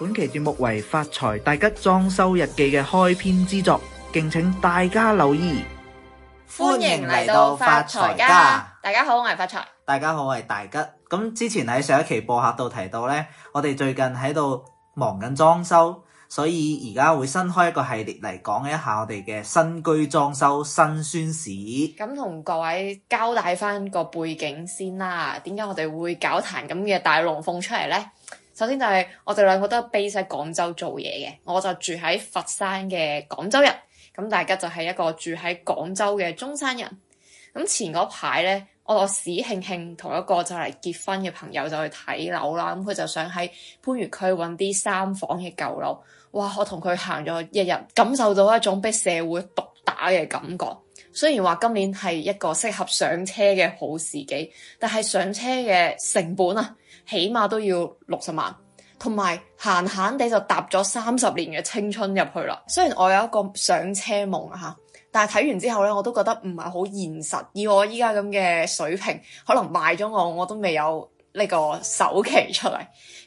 本期節目為《發財大吉裝修日記》嘅開篇之作，敬請大家留意。歡迎嚟到發財家，大家好，我係發財。大家好，我係大吉。咁之前喺上一期播客度提到呢，我哋最近喺度忙緊裝修，所以而家會新開一個系列嚟講一下我哋嘅新居裝修辛酸史。咁同各位交代翻個背景先啦，點解我哋會搞壇咁嘅大龍鳳出嚟呢？首先就係我哋兩個都 base 喺廣州做嘢嘅，我就住喺佛山嘅廣州人，咁大家就係一個住喺廣州嘅中山人。咁前嗰排呢，我史慶慶同一個就嚟結婚嘅朋友就去睇樓啦，咁佢就想喺番禺區揾啲三房嘅舊樓。哇！我同佢行咗一日，天天感受到一種俾社會毒打嘅感覺。雖然話今年係一個適合上車嘅好時機，但係上車嘅成本啊！起碼都要六十萬，同埋閒閒地就搭咗三十年嘅青春入去啦。雖然我有一個上車夢吓，但係睇完之後咧，我都覺得唔係好現實。以我依家咁嘅水平，可能賣咗我我都未有呢個首期出嚟。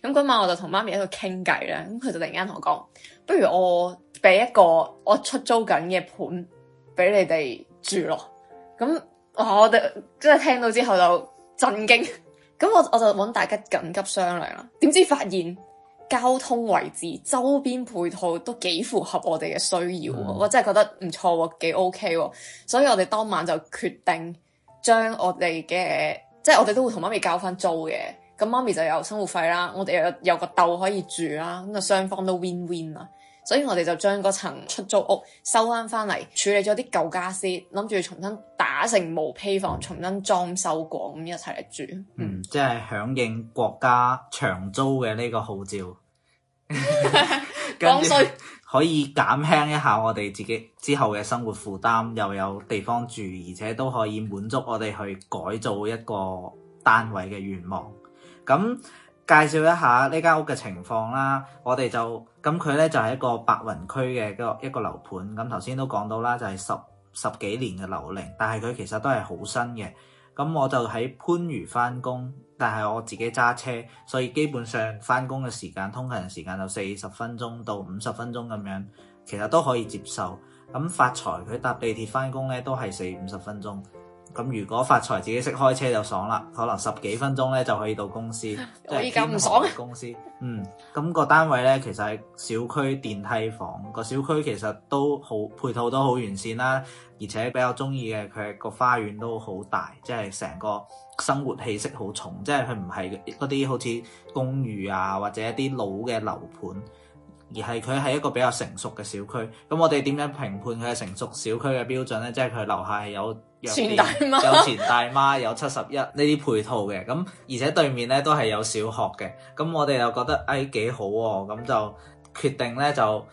咁嗰晚我就同媽咪喺度傾偈咧，咁佢就突然間同我講：不如我俾一個我出租緊嘅盤俾你哋住咯。咁我哋即係聽到之後就震驚。咁我我就揾大家緊急商量啦，點知發現交通位置、周邊配套都幾符合我哋嘅需要，我真係覺得唔錯喎，幾 OK 喎，所以我哋當晚就決定將我哋嘅，即係我哋都會同媽咪交翻租嘅，咁媽咪就有生活費啦，我哋有有個竇可以住啦，咁啊雙方都 win win 啊！所以我哋就將嗰層出租屋收翻翻嚟，處理咗啲舊家私，諗住重新打成毛坯房，重新裝修過咁一齊嚟住。嗯，即係響應國家長租嘅呢個號召，講 衰 可以減輕一下我哋自己之後嘅生活負擔，又有地方住，而且都可以滿足我哋去改造一個單位嘅願望。咁介紹一下呢間屋嘅情況啦，我哋就咁佢咧就係一個白雲區嘅一個一個樓盤，咁頭先都講到啦，就係十十幾年嘅樓齡，但係佢其實都係好新嘅。咁我就喺番禺翻工，但係我自己揸車，所以基本上翻工嘅時間通勤時間就四十分鐘到五十分鐘咁樣，其實都可以接受。咁發財佢搭地鐵翻工咧都係四五十分鐘。咁如果發財自己識開車就爽啦，可能十幾分鐘咧就可以到公司，即係幾秒鐘到公司。 嗯，咁、嗰個單位咧其實係小區電梯房，個小區其實都好配套都好完善啦，而且比較中意嘅佢個花園都好大，即係成個生活氣息好重，即係佢唔係嗰啲好似公寓啊或者啲老嘅樓盤。而係佢係一個比較成熟嘅小區，咁我哋點樣評判佢係成熟小區嘅標準咧？即係佢樓下係有媽有錢大媽、有七十一呢啲配套嘅，咁而且對面呢都係有小學嘅，咁我哋又覺得誒幾、哎、好喎、哦，咁就決定呢，就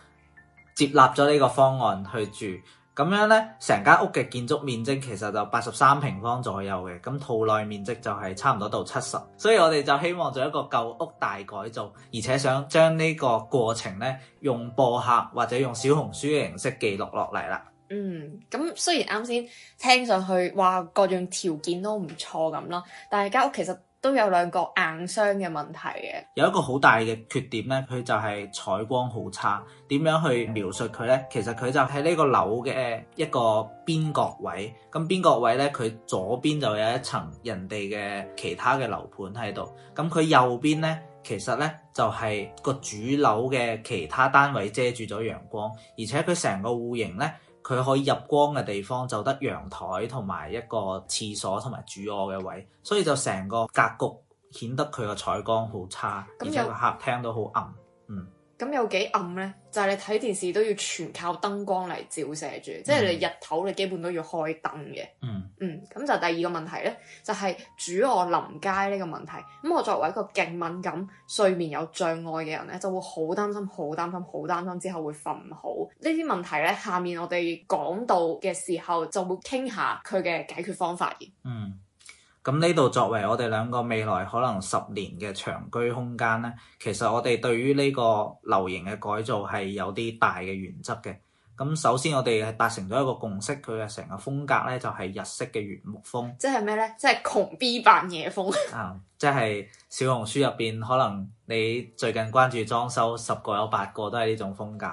接納咗呢個方案去住。咁樣呢，成間屋嘅建築面積其實就八十三平方左右嘅，咁套內面積就係差唔多到七十，所以我哋就希望做一個舊屋大改造，而且想將呢個過程呢，用播客或者用小紅書嘅形式記錄落嚟啦。嗯，咁雖然啱先聽上去話各樣條件都唔錯咁囉，但係間屋其實，都有兩個硬傷嘅問題嘅，有一個好大嘅缺點咧，佢就係採光好差。點樣去描述佢咧？其實佢就喺呢個樓嘅一個邊角位，咁邊角位咧，佢左邊就有一層人哋嘅其他嘅樓盤喺度，咁佢右邊咧，其實咧就係個主樓嘅其他單位遮住咗陽光，而且佢成個戶型咧。佢可以入光嘅地方就得陽台同埋一個廁所同埋主卧嘅位，所以就成個格局顯得佢個採光好差，而且個客廳都好暗，嗯。咁有幾暗呢？就係你睇電視都要全靠燈光嚟照射住，即係你日頭你基本都要開燈嘅。嗯嗯，咁就第二個問題呢，就係主臥臨街呢個問題。咁我作為一個勁敏感、睡眠有障礙嘅人呢，就會好擔心、好擔心、好擔心之後會瞓唔好呢啲問題呢，下面我哋講到嘅時候就會傾下佢嘅解決方法。嗯。咁呢度作為我哋兩個未來可能十年嘅長居空間呢，其實我哋對於呢個樓型嘅改造係有啲大嘅原則嘅。咁首先我哋係達成咗一個共識，佢嘅成個風格呢就係、是、日式嘅原木風。即係咩呢？即係窮 B 扮野風。啊、 嗯！即係小紅書入邊，可能你最近關注裝修，十個有八個都係呢種風格。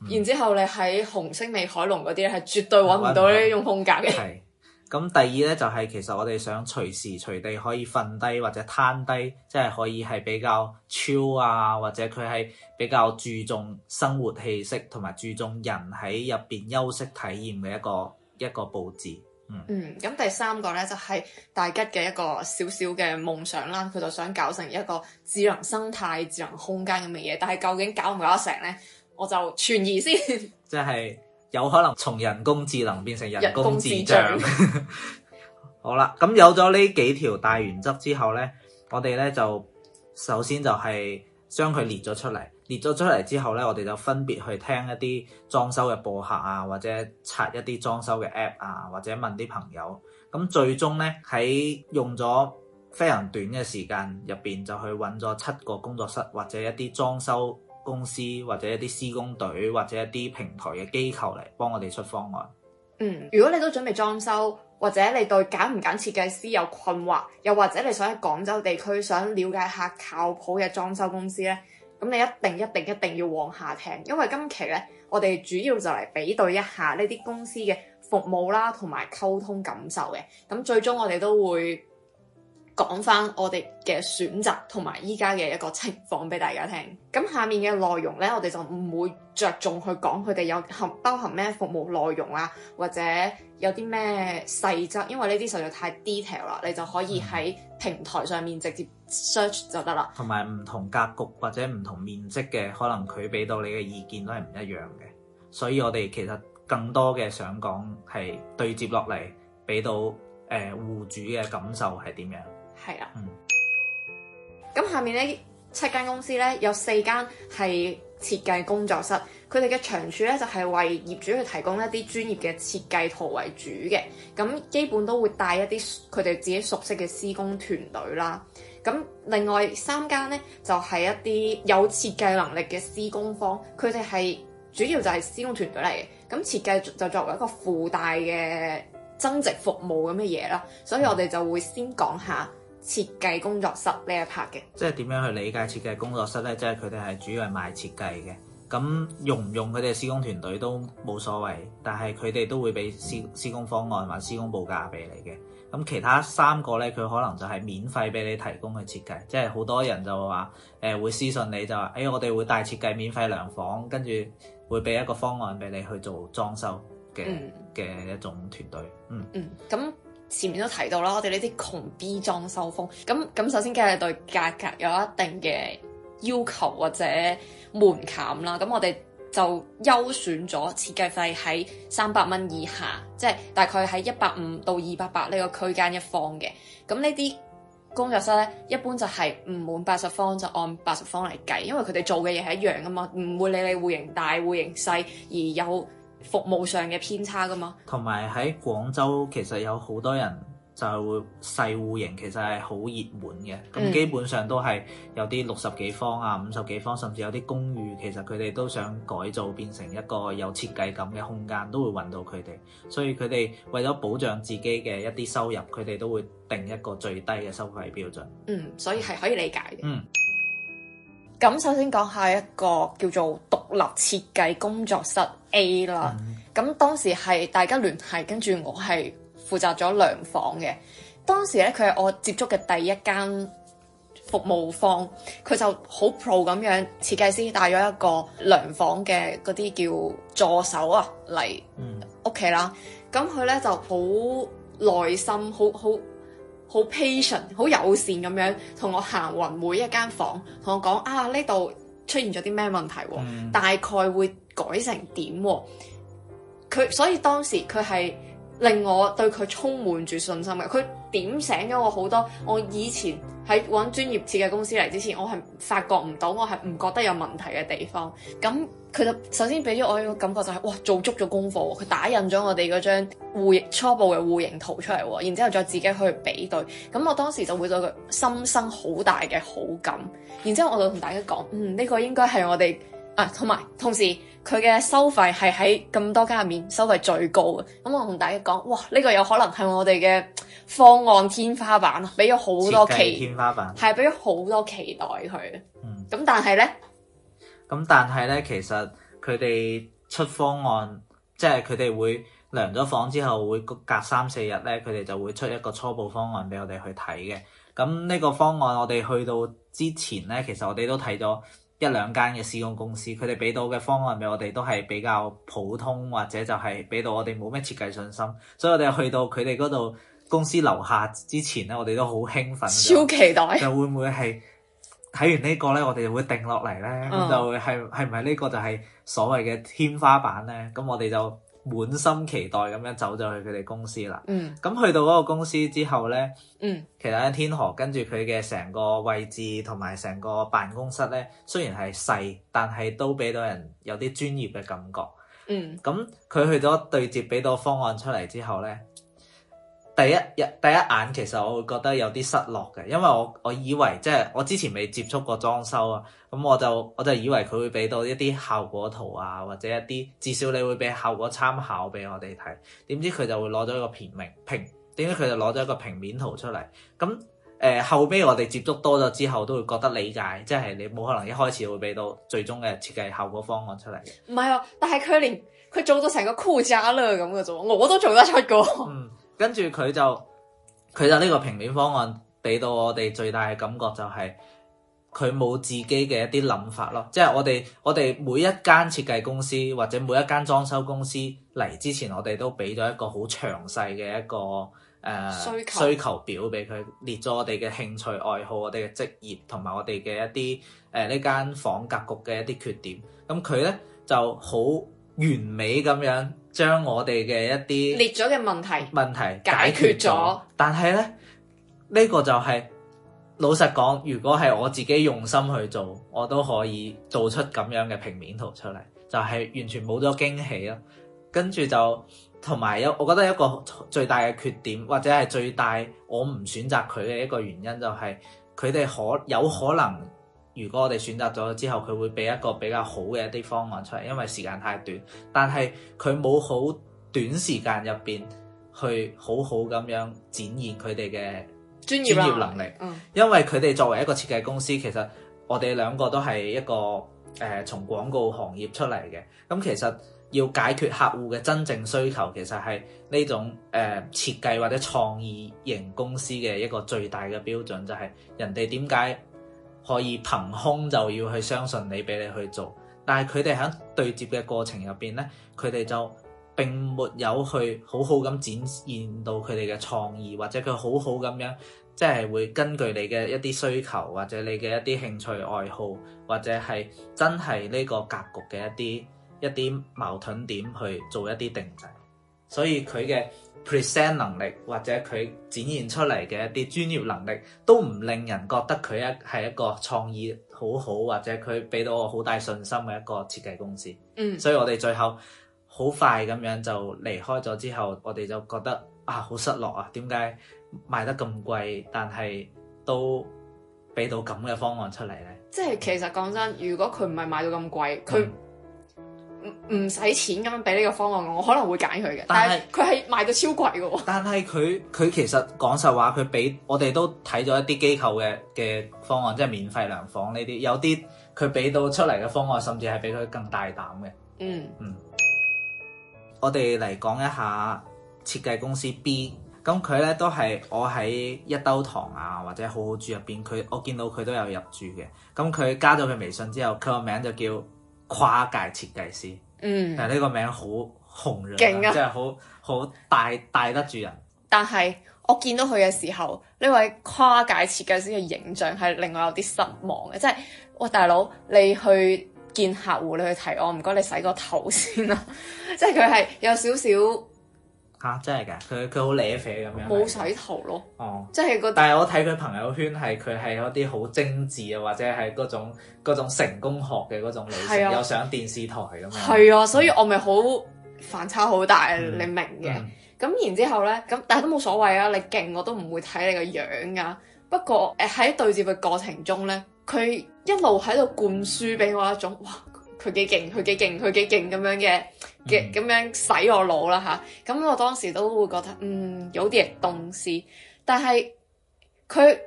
嗯、然後之後你喺紅星美海龍美凱龍嗰啲咧，係絕對揾唔到呢種風格嘅。嗯嗯嗯。咁第二咧就係、是、其實我哋想隨時隨地可以瞓低或者攤低，即、就、係、是、可以係比較超啊，或者佢係比較注重生活氣息同埋注重人喺入邊休息體驗嘅一個一個佈置。嗯。嗯，咁第三個咧就係、是、大吉嘅一個小小嘅夢想啦，佢就想搞成一個智能生態、智能空間咁嘅嘢，但係究竟搞唔搞得成咧？我就存疑先。即係。有可能從人工智能變成人工智障，人工智障 好。好啦，咁有咗呢幾條大原則之後呢，我哋咧就首先就係將佢列咗出嚟，列咗出嚟之後呢，我哋就分別去聽一啲裝修嘅播客啊，或者刷一啲裝修嘅 App 啊，或者問啲朋友。咁最終呢，喺用咗非常短嘅時間入邊就去揾咗七個工作室或者一啲裝修。公司或者一啲施工隊，或者一啲平台嘅機構嚟幫我哋出方案。嗯，如果你都準備裝修，或者你對揀唔揀設計師有困惑，又或者你想喺廣州地區想了解下靠譜嘅裝修公司咧，咁你一定一定一定要往下聽。因為今期咧，我哋主要就嚟比對一下呢啲公司嘅服務啦，同埋溝通感受嘅，咁最終我哋都會。講翻我哋嘅選擇同埋依家嘅一個情況俾大家聽。咁下面嘅內容呢，我哋就唔會着重去講佢哋有含包含咩服務內容啊，或者有啲咩細則，因為呢啲實在太 detail 啦。你就可以喺平台上面直接 search 就得啦。同埋唔同格局或者唔同面積嘅，可能佢俾到你嘅意見都係唔一樣嘅。所以我哋其實更多嘅想講係對接落嚟，俾到誒、呃、戶主嘅感受係點樣？係啦，咁、啊嗯、下面呢七間公司呢，有四間係設計工作室，佢哋嘅長處呢，就係、是、為業主去提供一啲專業嘅設計圖為主嘅，咁基本都會帶一啲佢哋自己熟悉嘅施工團隊啦。咁另外三間呢，就係、是、一啲有設計能力嘅施工方，佢哋係主要就係施工團隊嚟嘅，咁設計就作為一個附帶嘅增值服務咁嘅嘢啦。所以我哋就會先講下。設計工作室呢一 part 嘅，即係點樣去理解設計工作室呢？即係佢哋係主要係賣設計嘅，咁用唔用佢哋施工團隊都冇所謂，但係佢哋都會俾施施工方案或施工報價俾你嘅。咁其他三個呢，佢可能就係免費俾你提供嘅設計，即係好多人就話誒、呃、會私信你就話，誒、欸、我哋會帶設計免費量房，跟住會俾一個方案俾你去做裝修嘅嘅、嗯、一種團隊。嗯嗯，咁、嗯。前面都提到啦，我哋呢啲窮 B 裝修風，咁咁首先梗係對價格有一定嘅要求或者門檻啦。咁我哋就優選咗設計費喺三百蚊以下，即係大概喺一百五到二百八呢個區間一方嘅。咁呢啲工作室呢，一般就係唔滿八十方就按八十方嚟計，因為佢哋做嘅嘢係一樣噶嘛，唔會理你戶型大戶型細而有服務上嘅偏差噶嘛，同埋喺廣州其實有好多人就細戶型其實係好熱門嘅，咁、嗯、基本上都係有啲六十幾方啊、五十幾方，甚至有啲公寓，其實佢哋都想改造變成一個有設計感嘅空間，都會揾到佢哋，所以佢哋為咗保障自己嘅一啲收入，佢哋都會定一個最低嘅收費標準。嗯，所以係可以理解嘅。嗯。咁首先講下一個叫做獨立設計工作室 A 啦，咁、mm. 當時係大家聯繫，跟住我係負責咗量房嘅。當時咧佢係我接觸嘅第一間服務方，佢就好 pro 咁樣，設計師帶咗一個量房嘅嗰啲叫助手啊嚟屋企啦。咁佢咧就好耐心，好好。好 patient，好友善咁樣同我行匀每一間房，同我講啊，呢度出現咗啲咩問題，嗯、大概會改成點？佢所以當時佢係令我對佢充滿住信心嘅，佢點醒咗我好多。我以前喺揾專業設計公司嚟之前，我係發覺唔到，我係唔覺得有問題嘅地方咁。佢就首先俾咗我一個感覺就係、是、哇做足咗功課，佢打印咗我哋嗰張戶型初步嘅戶型圖出嚟，然之後再自己去比對。咁我當時就會對佢心生好大嘅好感。然之後我就同大家講，嗯呢、這個應該係我哋啊，同埋同時佢嘅收費係喺咁多間入面收費最高嘅。咁我同大家講，哇呢、這個有可能係我哋嘅方案天花板啊！俾咗好多期天花板，係俾咗好多期待佢。咁、嗯、但係呢。咁但係咧，其實佢哋出方案，即係佢哋會量咗房之後，會隔三四日咧，佢哋就會出一個初步方案俾我哋去睇嘅。咁呢個方案我哋去到之前咧，其實我哋都睇咗一兩間嘅施工公司，佢哋俾到嘅方案俾我哋都係比較普通，或者就係俾到我哋冇咩設計信心。所以我哋去到佢哋嗰度公司樓下之前咧，我哋都好興奮，超期待就會會，又會唔會係？睇完呢個咧，我哋就會定落嚟咧，咁、哦、就係係唔係呢個就係所謂嘅天花板咧？咁我哋就滿心期待咁樣走咗去佢哋公司啦。嗯，咁去到嗰個公司之後咧，嗯，其實喺天河，跟住佢嘅成個位置同埋成個辦公室咧，雖然係細，但係都俾到人有啲專業嘅感覺。嗯，咁佢去咗對接，俾到方案出嚟之後咧。第一日第一眼，其實我會覺得有啲失落嘅，因為我我以為即係、就是、我之前未接觸過裝修啊，咁我就我就以為佢會俾到一啲效果圖啊，或者一啲至少你會俾效果參考俾我哋睇，點知佢就會攞咗一個平面平點解？佢就攞咗一個平面圖出嚟。咁誒、呃、後尾我哋接觸多咗之後，都會覺得理解，即、就、係、是、你冇可能一開始會俾到最終嘅設計效果方案出嚟。唔係啊，但係佢連佢做咗成個酷家樂咁嘅啫，我都做得出個。嗯跟住佢就佢就呢個平面方案俾到我哋最大嘅感覺，就係佢冇自己嘅一啲諗法咯。即係我哋我哋每一間設計公司或者每一間裝修公司嚟之前，我哋都俾咗一個好詳細嘅一個誒需求需求表俾佢，列咗我哋嘅興趣愛好、我哋嘅職業同埋我哋嘅一啲誒呢間房格局嘅一啲缺點，咁佢咧就好完美咁樣將我哋嘅一啲列咗嘅問題問題解決咗，但係呢，呢個就係老實講，如果係我自己用心去做，我都可以做出咁樣嘅平面圖出嚟，就係完全冇咗驚喜咯。跟住就同埋有，我覺得一個最大嘅缺點，或者係最大我唔選擇佢嘅一個原因就係佢哋可有可能。如果我哋選擇咗之後，佢會俾一個比較好嘅一啲方案出嚟，因為時間太短。但係佢冇好短時間入邊去好好咁樣展現佢哋嘅專業能力。專業。嗯、因為佢哋作為一個設計公司，其實我哋兩個都係一個誒從廣告行業出嚟嘅。咁、嗯、其實要解決客戶嘅真正需求，其實係呢種誒設計或者創意型公司嘅一個最大嘅標準，就係、是、人哋點解？可以憑空就要去相信你俾你去做，但係佢哋喺對接嘅過程入邊呢，佢哋就並沒有去好好咁展現到佢哋嘅創意，或者佢好好咁樣，即係會根據你嘅一啲需求，或者你嘅一啲興趣愛好，或者係真係呢個格局嘅一啲一啲矛盾點去做一啲定製。所以佢嘅 present 能力或者佢展現出嚟嘅一啲專業能力都唔令人覺得佢一係一個創意好好，或者佢俾到我好大信心嘅一個設計公司。嗯，所以我哋最後好快咁樣就離開咗之後，我哋就覺得啊，好失落啊！點解賣得咁貴，但係都俾到咁嘅方案出嚟呢？即係其實講真，如果佢唔係賣到咁貴，佢、嗯。唔使錢咁樣俾呢個方案，我可能會揀佢嘅。但係佢係賣到超貴嘅。但係佢佢其實講實話，佢俾我哋都睇咗一啲機構嘅嘅方案，即係免費量房呢啲。有啲佢俾到出嚟嘅方案，甚至係比佢更大膽嘅。嗯嗯，我哋嚟講一下設計公司 B，咁佢咧都係我喺一兜糖啊或者好好住入邊，佢我見到佢都有入住嘅。咁佢加咗佢微信之後，佢個名就叫跨界設計師，嗯，但係呢個名好紅人，勁啊，即係好好帶帶得住人。但係我見到佢嘅時候，呢位跨界設計師嘅形象係令我有啲失望嘅，即係喂，大佬，你去見客戶，你去提我，唔該你洗個頭先啦，即係佢係有少少。 嚇、啊、真係噶，佢佢好攣啡咁樣，冇洗頭咯。哦，即係但係我睇佢朋友圈，係佢係嗰啲好精緻啊，或者係嗰種嗰種成功學嘅嗰種女性，啊、又上電視台咁。係啊，所以我咪好反差好大，嗯、你明嘅。咁、嗯、然之後呢，咁但係都冇所謂啊！你勁我都唔會睇你個樣噶。不過誒喺對接嘅過程中呢，佢一路喺度灌輸俾我一種哇，佢幾勁，佢幾勁，佢幾勁咁樣嘅。嘅咁樣洗我腦啦吓，咁、啊、我當時都會覺得，嗯，有啲嘢東思。但係佢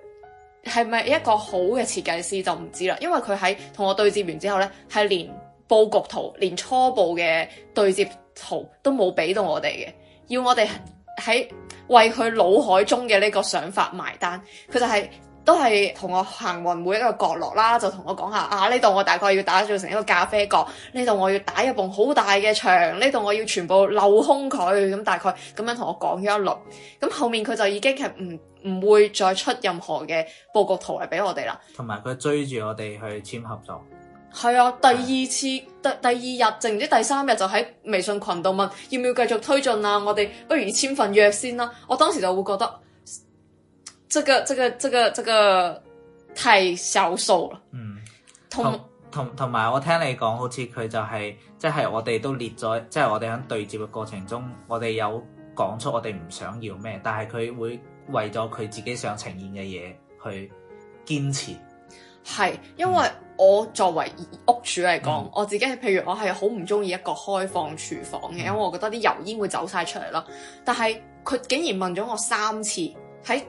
係咪一個好嘅設計師就唔知啦，因為佢喺同我對接完之後呢，係連佈局圖、連初步嘅對接圖都冇俾到我哋嘅，要我哋喺為佢腦海中嘅呢個想法埋單，佢就係、是。都係同我行匀每一個角落啦，就同我講下，啊，呢度我大概要打造成一個咖啡角，呢度我要打一棚好大嘅牆，呢度我要全部鏤空佢，咁大概咁樣同我講咗一輪，咁後面佢就已經係唔唔會再出任何嘅布局圖嚟俾我哋啦。同埋佢追住我哋去簽合作，係啊，第二次第第二日，淨唔知第三日就喺微信群度問，要唔要繼續推進啊？我哋不如簽份約先啦。我當時就會覺得。即、這個、即、這個、即、這個、即個太銷售了。嗯，同同同埋，同我聽你講，好似佢就係即係我哋都列咗，即、就、係、是、我哋喺對接嘅過程中，我哋有講出我哋唔想要咩，但係佢會為咗佢自己想呈現嘅嘢去堅持。係，因為我作為屋主嚟講，嗯、我自己係，譬如我係好唔中意一個開放廚房嘅，嗯、因為我覺得啲油煙會走晒出嚟咯。但係佢竟然問咗我三次。喺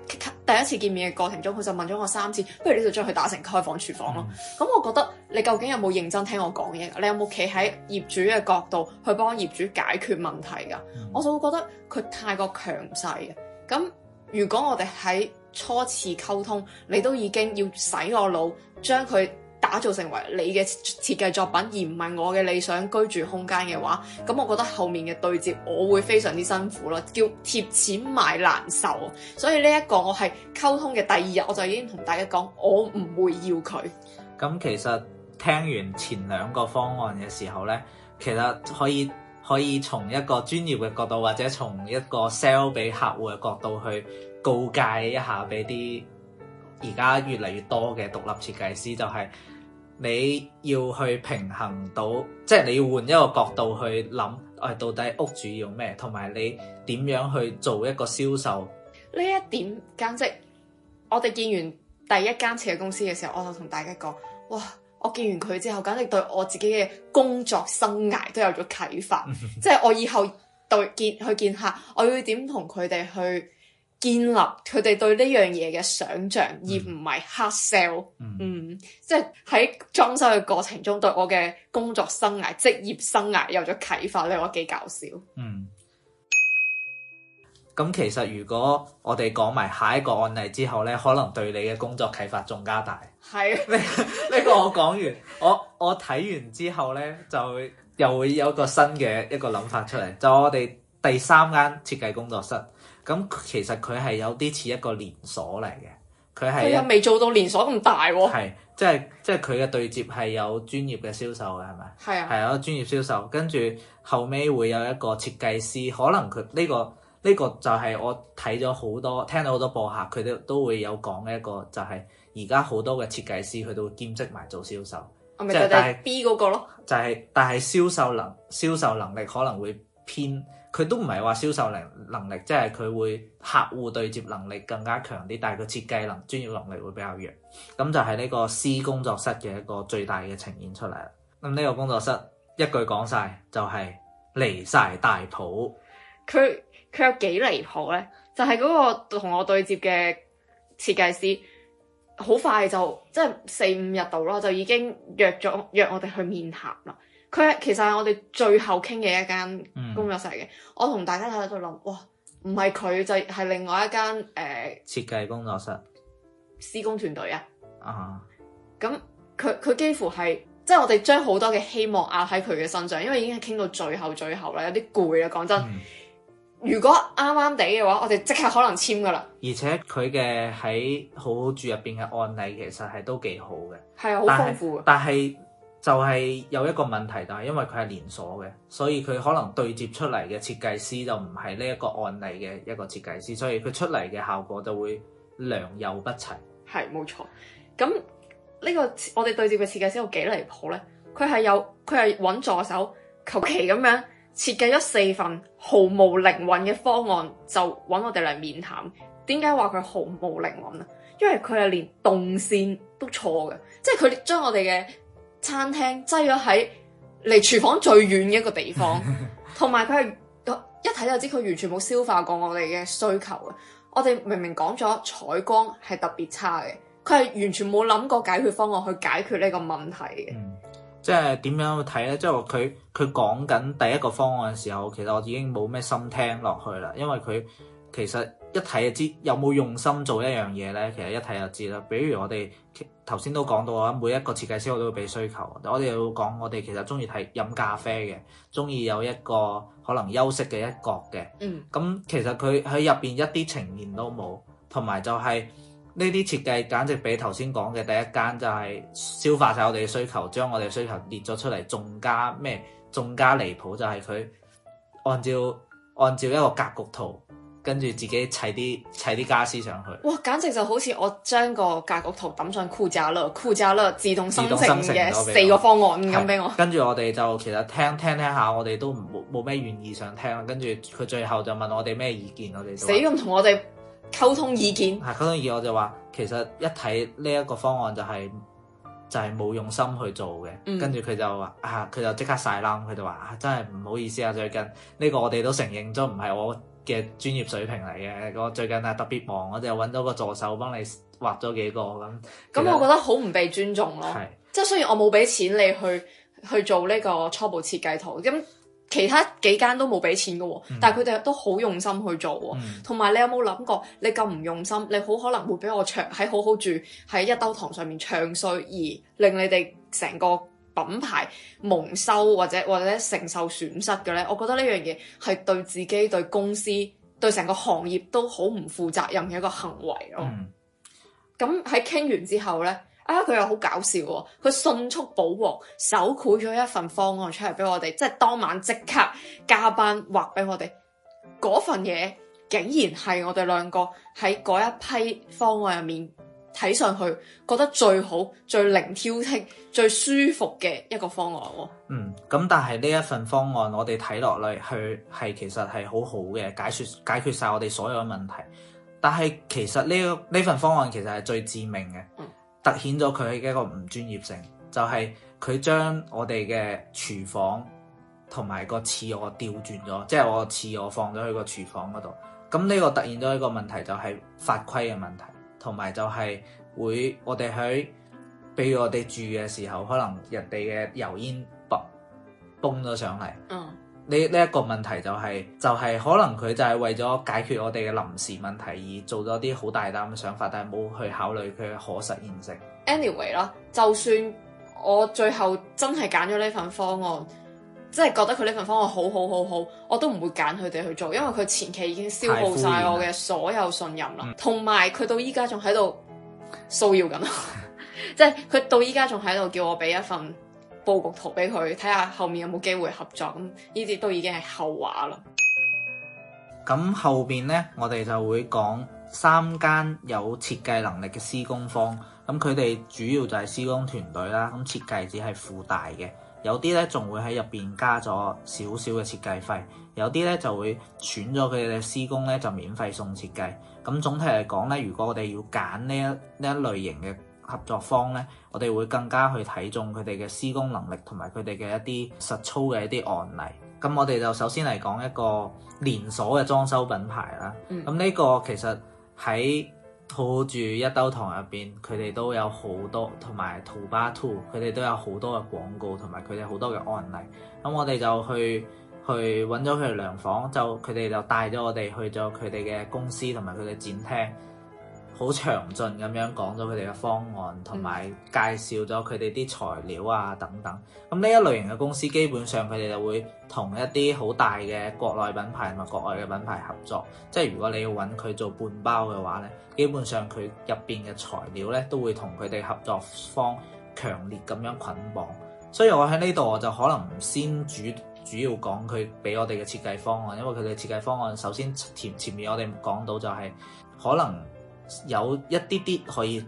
第一次見面嘅過程中，佢就問咗我三次，不如你就將佢打成開放廚房咯。咁我覺得你究竟有冇認真聽我講嘢？你有冇企喺業主嘅角度去幫業主解決問題㗎？我就會覺得佢太過強勢嘅。咁如果我哋喺初次溝通，你都已經要洗我腦，將佢打造成為你嘅設計作品，而唔係我嘅理想居住空間嘅話，咁我覺得後面嘅對接我會非常之辛苦咯，叫貼錢買難受。所以呢一個我係溝通嘅第二日，我就已經同大家講，我唔會要佢。咁其實聽完前兩個方案嘅時候呢，其實可以可以從一個專業嘅角度，或者從一個 sell 俾客戶嘅角度去告誡一下俾啲。而家越嚟越多嘅獨立設計師，就係你要去平衡到，即係你要換一個角度去諗，我到底屋主要咩，同埋你點樣去做一個銷售？呢一點簡直，我哋見完第一間設計公司嘅時候，我就同大家講，哇！我見完佢之後，簡直對我自己嘅工作生涯都有咗啟發， 即係我以後對見去見客，我要點同佢哋去，建立佢哋對呢樣嘢嘅想像，而唔係 hard sell。嗯，即係喺裝修嘅過程中，對我嘅工作生涯、職業生涯有咗啟發。你話幾搞笑？嗯，咁其實如果我哋講埋下一個案例之後呢，可能對你嘅工作啟發仲加大。係，呢呢個我講完， 我我睇完之後呢，就又會有個新嘅一個諗法出嚟。就我哋第三間設計工作室。咁其實佢係有啲似一個連鎖嚟嘅，佢係佢又未做到連鎖咁大喎、啊。即係即係佢嘅對接係有專業嘅銷售嘅，係咪？係啊。係啊，專業銷售，跟住後尾會有一個設計師，可能佢呢、呢個呢、呢個就係我睇咗好多，聽到好多播客，佢都都會有講一個，就係而家好多嘅設計師佢都會兼職埋做銷售。係咪？就係 B 嗰個咯，就係、是、但係銷售能銷售能力可能會偏。佢都唔係話銷售能能力，即係佢會客戶對接能力更加強啲，但係佢設計能專業能力會比較弱。咁就係呢個 C 工作室嘅一個最大嘅呈現出嚟啦。咁呢個工作室一句講晒就係離晒大譜。佢佢有幾離譜呢？就係、是、嗰個同我對接嘅設計師，好快就即係四五日度啦，就已經約咗約我哋去面談啦。佢其實係我哋最後傾嘅一間工作室嚟嘅，嗯、我同大家喺度諗，哇，唔係佢就係、是、另外一間誒、呃、設計工作室、施工團隊啊。啊，咁佢佢幾乎係，即係我哋將好多嘅希望壓喺佢嘅身上，因為已經係傾到最後最後啦，有啲攰啦，講真。嗯、如果啱啱地嘅話，我哋即刻可能簽噶啦。而且佢嘅喺好好住入邊嘅案例，其實係都幾好嘅，係啊，好豐富但。但係。就係有一個問題，但係因為佢係連鎖嘅，所以佢可能對接出嚟嘅設計師就唔係呢一個案例嘅一個設計師，所以佢出嚟嘅效果就會良莠不齊。係冇錯，咁呢個我哋對接嘅設計師有幾離譜呢？佢係有佢係揾助手，求其咁樣設計咗四份毫無靈魂嘅方案，就揾我哋嚟面談。點解話佢毫無靈魂啊？因為佢係連動線都錯嘅，即係佢將我哋嘅。餐廳擠咗喺離廚房最遠嘅一個地方，同埋佢係一睇就知佢完全冇消化過我哋嘅需求嘅。我哋明明講咗採光係特別差嘅，佢係完全冇諗過解決方案去解決呢個問題嘅、嗯。即係點樣去睇呢？即係佢佢講緊第一個方案嘅時候，其實我已經冇咩心聽落去啦，因為佢其實。一睇就知有冇用心做一樣嘢咧，其實一睇就知啦。比如我哋頭先都講到啊，每一個設計師我都會俾需求。我哋要講我哋其實中意睇飲咖啡嘅，中意有一個可能休息嘅一角嘅。嗯。咁其實佢喺入邊一啲呈現都冇，同埋就係呢啲設計簡直比頭先講嘅第一間就係消化晒我哋嘅需求，將我哋嘅需求列咗出嚟，仲加咩？仲加離譜就係、是、佢按照按照一個格局圖。跟住自己砌啲砌啲傢俬上去。哇，簡直就好似我將個格局圖抌上酷家樂，酷家樂自動生成嘅四個方案咁俾我。跟住我哋就其實聽聽聽下，我哋都冇冇咩願意想聽。跟住佢最後就問我哋咩意見，我哋死咁同我哋溝通意見。係溝通意見，我就話其實一睇呢一個方案就係就係冇用心去做嘅。嗯、跟住佢就話啊，佢就即刻晒啦。佢就話啊，真係唔好意思啊，最近呢個我哋都承認咗，唔係我。嘅專業水平嚟嘅，我最近係特別忙，我哋又揾咗個助手幫你畫咗幾個咁。咁我覺得好唔被尊重咯，是即係雖然我冇俾錢你去去做呢個初步設計圖，咁其他幾間都冇俾錢嘅喎、哦，嗯、但係佢哋都好用心去做喎、哦。同埋、嗯、你有冇諗過，你咁唔用心，你好可能會俾我唱喺好好住喺一兜堂，堂上面唱衰，而令你哋成個。品牌蒙羞，或者或者承受損失嘅咧，我覺得呢樣嘢係對自己、對公司、對成個行業都好唔負責任嘅一個行為咯。嗯。咁喺傾完之後咧，啊佢又好搞笑，佢迅速補鑊，手繪咗一份方案出嚟俾我哋，即係當晚即刻加班畫俾我哋嗰份嘢，竟然係我哋兩個喺嗰一批方案入面睇上去覺得最好、最零挑剔、最舒服嘅一個方案，哦。嗯，咁但係呢一份方案，我哋睇落嚟去係其實係好好嘅，解決解決曬我哋所有嘅問題。但係其實呢個呢份方案其實係最致命嘅，嗯、突顯咗佢嘅一個唔專業性。就係佢將我哋嘅廚房同埋個次卧調轉咗，即、就、係、是、我次卧放咗去個廚房嗰度。咁、嗯、呢、這個突顯咗一個問題就係法規嘅問題。同埋就係會，我哋喺，畀我哋住嘅時候，可能人哋嘅油煙泵咗上嚟。嗯。呢呢一個問題就係、是，就係、是、可能佢就係為咗解決我哋嘅臨時問題而做咗啲好大膽嘅想法，但係冇去考慮佢嘅可實現性。anyway 啦，就算我最後真係揀咗呢份方案。真係覺得佢呢份方案好好好好，我都唔會揀佢哋去做，因為佢前期已經消耗晒我嘅所有信任啦。同埋佢到依家仲喺度騷擾緊我， 即係佢到依家仲喺度叫我俾一份佈局圖俾佢，睇下後面有冇機會合作。咁呢啲都已經係後話啦。咁後邊呢，我哋就會講三間有設計能力嘅施工方。咁佢哋主要就係施工團隊啦，咁設計只係附帶嘅。有啲咧仲會喺入邊加咗少少嘅設計費，有啲咧就會選咗佢哋嘅施工咧就免費送設計。咁總體嚟講咧，如果我哋要揀呢一呢一類型嘅合作方咧，我哋會更加去睇重佢哋嘅施工能力同埋佢哋嘅一啲實操嘅一啲案例。咁我哋就首先嚟講一個連鎖嘅裝修品牌啦。咁呢、嗯、個其實喺。套住一兜糖入邊，佢哋都有好多，同埋土巴兔，佢哋都有好多嘅廣告，同埋佢哋好多嘅案例。咁我哋就去去揾咗佢哋量房，就佢哋就帶咗我哋去咗佢哋嘅公司，同埋佢嘅展廳。好詳盡咁樣講咗佢哋嘅方案，同埋介紹咗佢哋啲材料啊等等。咁呢一類型嘅公司，基本上佢哋就會同一啲好大嘅國內品牌同埋國外嘅品牌合作。即係如果你要揾佢做半包嘅話呢，基本上佢入邊嘅材料呢都會同佢哋合作方強烈咁樣捆綁。所以我喺呢度我就可能唔先主主要講佢俾我哋嘅設計方案，因為佢哋設計方案首先前前面我哋講到就係、是、可能。有一啲啲可以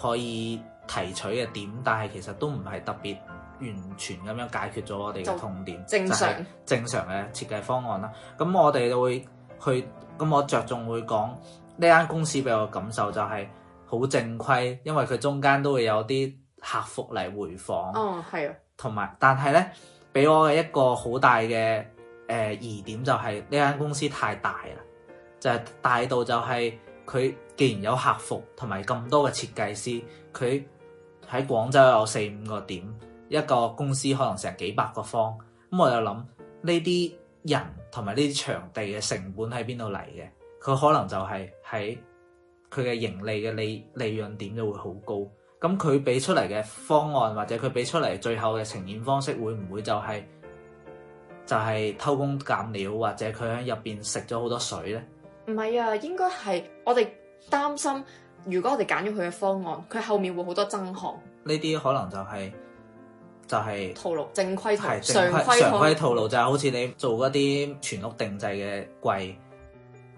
可以提取嘅點，但係其實都唔係特別完全咁樣解決咗我哋嘅痛點，正常正常嘅設計方案啦。咁我哋就會去咁我着重會講呢間公司俾我感受就係好正規，因為佢中間都會有啲客服嚟回訪，哦，係啊。同埋，但係咧俾我嘅一個好大嘅誒疑點就係呢間公司太大啦，就係大到就係。佢既然有客服同埋咁多嘅設計師，佢喺廣州有四五個點，一個公司可能成幾百個方，咁我就諗呢啲人同埋呢啲場地嘅成本喺邊度嚟嘅？佢可能就係喺佢嘅盈利嘅利利潤點就會好高。咁佢俾出嚟嘅方案或者佢俾出嚟最後嘅呈現方式會唔會就係就係偷工減料，或者佢喺入邊食咗好多水咧？唔係啊，應該係我哋擔心，如果我哋揀咗佢嘅方案，佢後面會好多增項。呢啲可能就係、是、就係套路，正規，正規常規常規套路就係好似你做嗰啲全屋定制嘅櫃，即、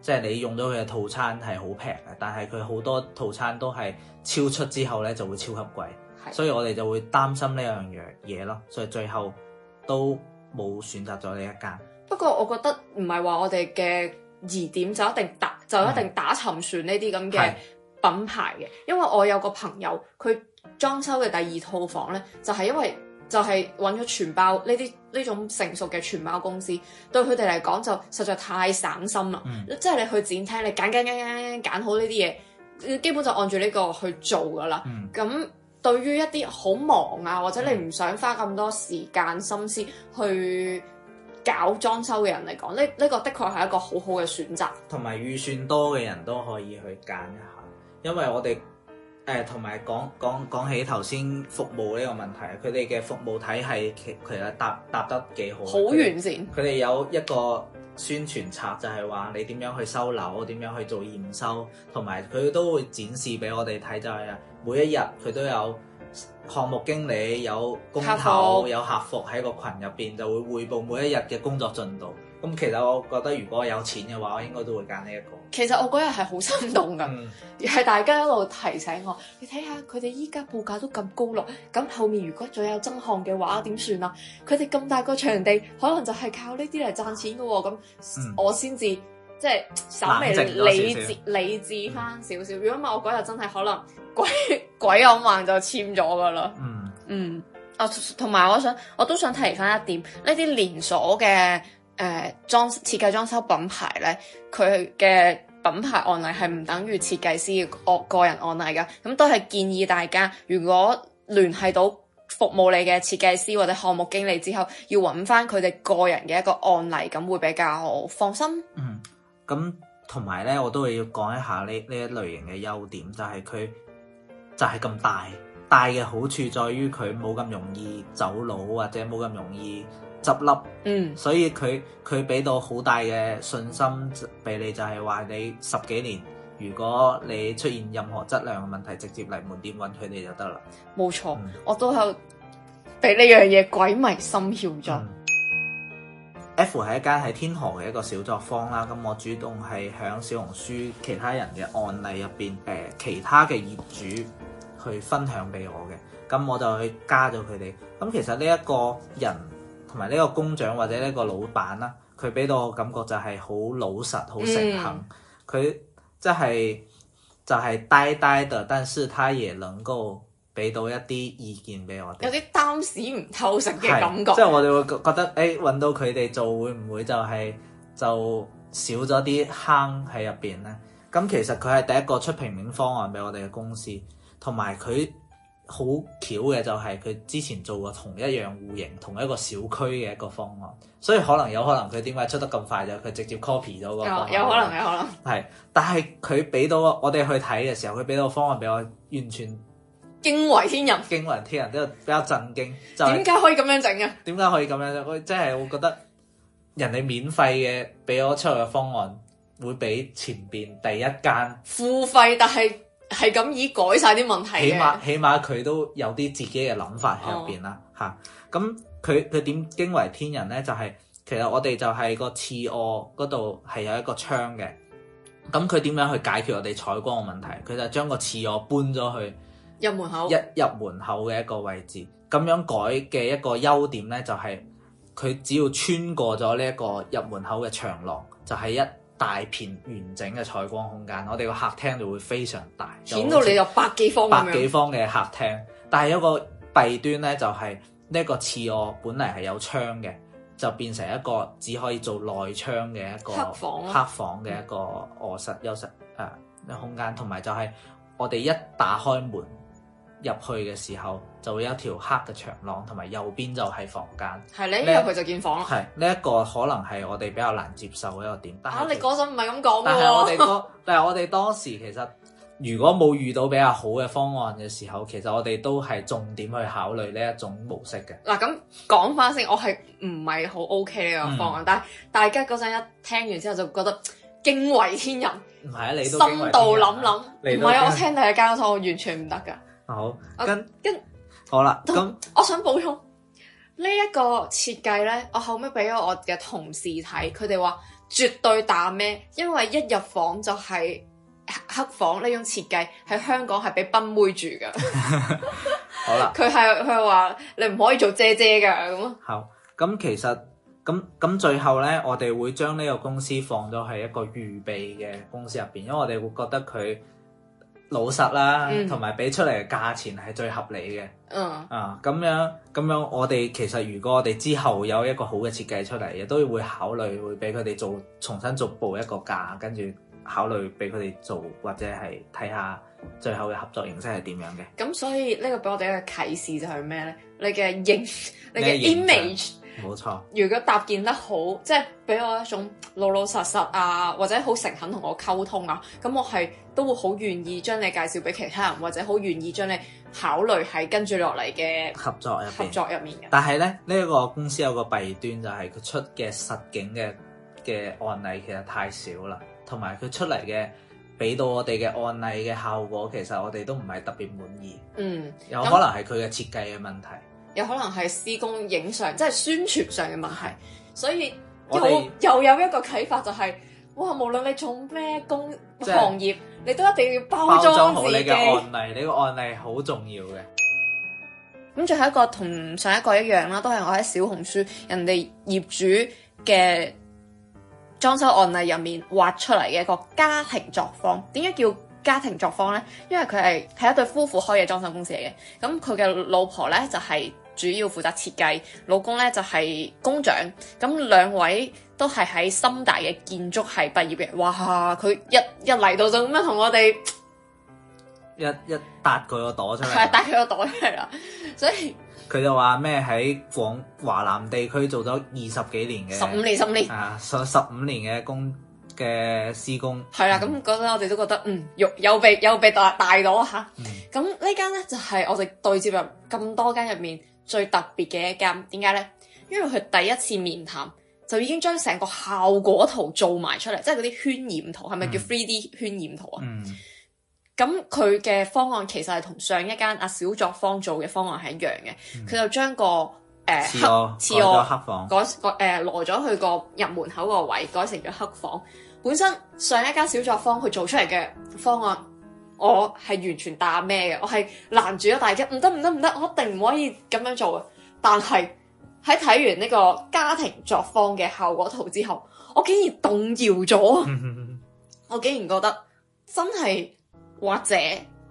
就、係、是、你用咗佢嘅套餐係好平嘅，但係佢好多套餐都係超出之後咧就會超級貴，的所以我哋就會擔心呢樣嘢嘢咯，所以最後都冇選擇咗呢一間。不過我覺得唔係話我哋嘅。疑點就一定打就一定打沉船呢啲咁嘅品牌嘅，因為我有個朋友佢裝修嘅第二套房呢，就係、是、因為就係揾咗全包呢啲呢種成熟嘅全包公司，對佢哋嚟講就實在太省心啦，即係、嗯、你去展廳你揀揀揀揀揀好呢啲嘢，基本就按住呢個去做㗎啦。咁、嗯、對於一啲好忙啊，或者你唔想花咁多時間心思去搞裝修嘅人嚟講，呢呢個的確係一個好好嘅選擇，同埋預算多嘅人都可以去揀一下，因為我哋誒同埋講講講起頭先服務呢個問題，佢哋嘅服務體系其其實搭搭得幾好，好完善。佢哋有一個宣傳冊，就係話你點樣去收樓，點樣去做驗收，同埋佢都會展示俾我哋睇，就係每一日佢都有。項目經理有工頭，客服有客服喺個群入邊就會匯報每一日嘅工作進度。咁其實我覺得如果我有錢嘅話，我應該都會揀呢一個。其實我嗰日係好心動噶，係、嗯、大家一路提醒我，你睇下佢哋依家報價都咁高咯。咁後面如果再有增項嘅話點算啊？佢哋咁大個場地，可能就係靠呢啲嚟賺錢噶喎。咁我先至。嗯即係稍微理智理智翻少少，如果唔係我嗰日真係可能鬼鬼咁慢就簽咗噶啦。嗯嗯，啊同埋我想我都想提翻一點，呢啲連鎖嘅誒裝設計裝修品牌咧，佢嘅品牌案例係唔等於設計師個個人案例噶，咁都係建議大家如果聯繫到服務你嘅設計師或者項目經理之後，要揾翻佢哋個人嘅一個案例，咁會比較好放心。嗯。咁同埋咧，我都係要講一下呢呢一類型嘅優點，就係、是、佢就係咁大，大嘅好處在於佢冇咁容易走佬或者冇咁容易執笠，嗯，所以佢佢俾到好大嘅信心俾你，就係、是、話你十幾年，如果你出現任何質量嘅問題，直接嚟門店揾佢哋就得啦。冇錯錯，嗯、我都係俾呢樣嘢鬼迷心竅咗。嗯 F 係一間喺天河嘅一個小作坊啦，咁我主動係響小紅書其他人嘅案例入邊，誒、呃、其他嘅業主去分享俾我嘅，咁我就去加咗佢哋。咁其實呢一個人同埋呢個工長或者呢個老闆啦，佢俾到我感覺就係好老實，好誠懇，佢即係就係呆呆的，但是他也能夠，俾到一啲意見俾我哋，有啲擔屎唔偷食嘅感覺。即係我哋會覺得，誒、哎、揾到佢哋做會唔會就係、是、就少咗啲坑喺入邊咧？咁、嗯、其實佢係第一個出平面方案俾我哋嘅公司，同埋佢好巧嘅就係佢之前做過同一樣戶型、同一個小區嘅一個方案，所以可能有可能佢點解出得咁快就係佢直接 copy 咗嗰個，有可能有，有可能係。但係佢俾到我哋去睇嘅時候，佢俾到個方案俾我完全。驚為天人，驚為天人，即都比較震驚。就點解 可以咁樣整嘅？點解可以咁樣？我即係我覺得人哋免費嘅俾我出去嘅方案，會比前邊第一間付費，但係係咁已改晒啲問題起碼。起碼起碼佢都有啲自己嘅諗法喺入邊啦，吓、哦。咁佢佢點驚為天人咧？就係其實我哋就係個次臥嗰度係有一個窗嘅。咁佢點樣去解決我哋採光嘅問題？佢就將個次臥搬咗去。入門口一入門口嘅一個位置，咁樣改嘅一個優點呢，就係、是、佢只要穿過咗呢一個入門口嘅長廊，就係、是、一大片完整嘅採光空間。我哋個客廳就會非常大，淺到你有百幾方，百幾方嘅客廳，但係一個弊端呢，就係、是、呢個次臥本嚟係有窗嘅，就變成一個只可以做內窗嘅一個黑房客房嘅一個臥室休息誒空間，同埋就係我哋一打開門，入去嘅時候就會有一條黑嘅長廊，同埋右邊就係房間。係你的一入去就見房啦。係呢一個可能係我哋比較難接受嘅一個點。嚇、啊！你嗰陣唔係咁講嘅喎。但係我哋當、那個、 但係我哋當時其實如果冇遇到比較好嘅方案嘅時候，其實我哋都係重點去考慮呢一種模式嘅。嗱咁講返先，我係唔係好 OK 嘅個方案？嗯、但係大家嗰陣一聽完之後就覺得驚為天人。唔係啊，你都深度諗諗。唔係、啊、我聽你嘅交通，我完全唔得噶。好，跟跟好啦了。咁跟我想補充呢一那個設計呢。我後尾俾咗我嘅同事睇，佢哋話絕對打咩，因為一入房就係黑房呢種設計喺香港係俾賓妹住嘅。 好啦了，佢係佢話你唔可以做姐姐嘅咁咯。咁其實咁咁最後呢，我哋會將呢個公司放咗喺一個預備嘅公司入邊，因為我哋會覺得佢。老實啦，同埋俾出嚟嘅價錢係最合理嘅。嗯、啊，咁樣咁樣，樣我哋其實如果我哋之後有一個好嘅設計出嚟，亦都會考慮會俾佢哋做重新逐步一個價，跟住考慮俾佢哋做或者係睇下最後嘅合作形式係點樣嘅。咁所以呢個俾我哋一個啟示就係咩呢？你嘅形，你嘅 image。冇錯，如果搭建得好，即係俾我一種老老實實啊，或者好誠懇同我溝通啊，咁我係都會好願意將你介紹俾其他人，或者好願意將你考慮喺跟住落嚟嘅合作入合作入面嘅。但係咧，呢一個公司有個弊端就係佢出嘅實景嘅嘅案例其實太少啦，同埋佢出嚟嘅俾到我哋嘅案例嘅效果，其實我哋都唔係特別滿意。嗯，有可能係佢嘅設計嘅問題。嗯嗯有可能係施工影相，即係宣傳上嘅問題，所以又們又有一個啟發就係、是，哇！無論你做咩工、就是、行業，你都一定要包裝好你嘅案例。呢、這個案例好重要嘅。咁最後一個同上一個一樣啦，都係我喺小紅書人哋業主嘅裝修案例入面畫出嚟嘅一個家庭作坊。點解叫家庭作坊呢？因為佢係係一對夫婦開嘅裝修公司嚟嘅。咁佢嘅老婆呢，就係、是。主要負責設計，老公咧就係、是、工長，咁兩位都係喺深大嘅建築系畢業嘅。哇！佢一入嚟到就咁樣同我哋一一搭佢個袋出嚟，係搭佢個袋出嚟啦。所以佢就話咩喺廣華南地區做咗二十幾年嘅十五年、十五年啊，十十五年嘅工嘅施工係啦。咁嗰陣我哋都覺得嗯，又又被又被大大到嚇。咁呢間咧就係我哋對接入咁多間入面。最特別嘅一間，點解咧？因為佢第一次面談就已經將成個效果圖做埋出嚟，即係嗰啲渲染圖，係咪叫 3D 渲染圖啊？嗯。咁佢嘅方案其實係同上一間阿小作坊做嘅方案係一樣嘅，佢、嗯、就將個誒黑，改咗黑房，改、那個挪咗佢個入門口個位，改成咗黑房。本身上一間小作坊佢做出嚟嘅方案。我係完全打咩嘅？我係攔住咗大吉，唔得唔得唔得，我一定唔可以咁樣做嘅。但係喺睇完呢個家庭作坊嘅效果圖之後，我竟然動搖咗， 我竟然覺得真係或者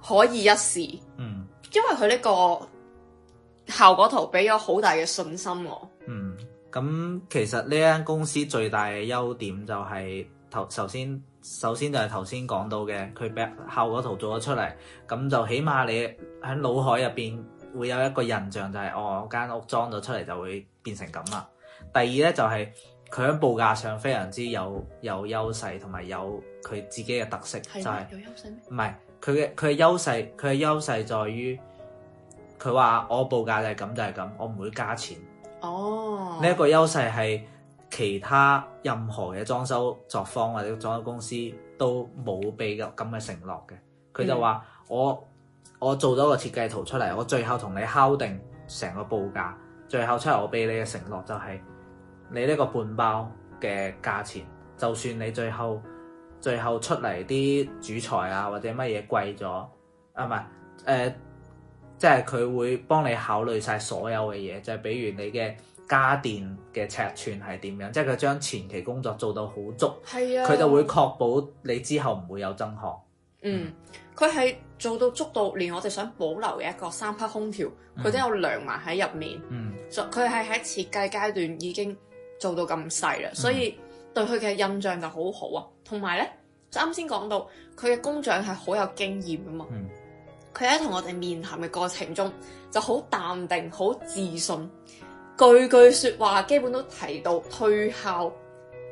可以一試。嗯， 因為佢呢個效果圖俾咗好大嘅信心我。 嗯，咁其實呢間公司最大嘅優點就係、是、頭首先。首先就係頭先講到嘅，佢俾效果圖做咗出嚟，咁就起碼你喺腦海入邊會有一個印象，就係，就係哦，間屋裝咗出嚟就會變成咁啦。第二咧就係佢喺報價上非常之有有優勢，同埋有佢自己嘅特色，嗎就係、係、有優勢咩？唔係佢嘅佢嘅優勢，佢嘅優勢在於佢話我報價就係咁就係、係、咁，我唔會加錢。哦、oh.，呢一個優勢係。其他任何嘅裝修作坊或者裝修公司都冇俾咁咁嘅承諾嘅，佢就話、嗯、我我做咗個設計圖出嚟，我最後同你敲定成個報價，最後出嚟我俾你嘅承諾就係、是、你呢個半包嘅價錢，就算你最後最後出嚟啲主材啊或者乜嘢貴咗，啊唔係誒，即係佢會幫你考慮晒所有嘅嘢，就係、是、比如你嘅。家電嘅尺寸係點樣？即係佢將前期工作做到好足，佢、係啊、就會確保你之後唔會有增項。嗯，佢係、嗯、做到足到連我哋想保留嘅一個三匹空調，佢、嗯、都有量埋喺入面。嗯，佢係喺設計階段已經做到咁細啦，所以對佢嘅印象就好好啊。同埋咧，啱先講到佢嘅工長係好有經驗㗎嘛，佢喺同我哋面談嘅過程中就好淡定，好自信。句句説話基本都提到推敲，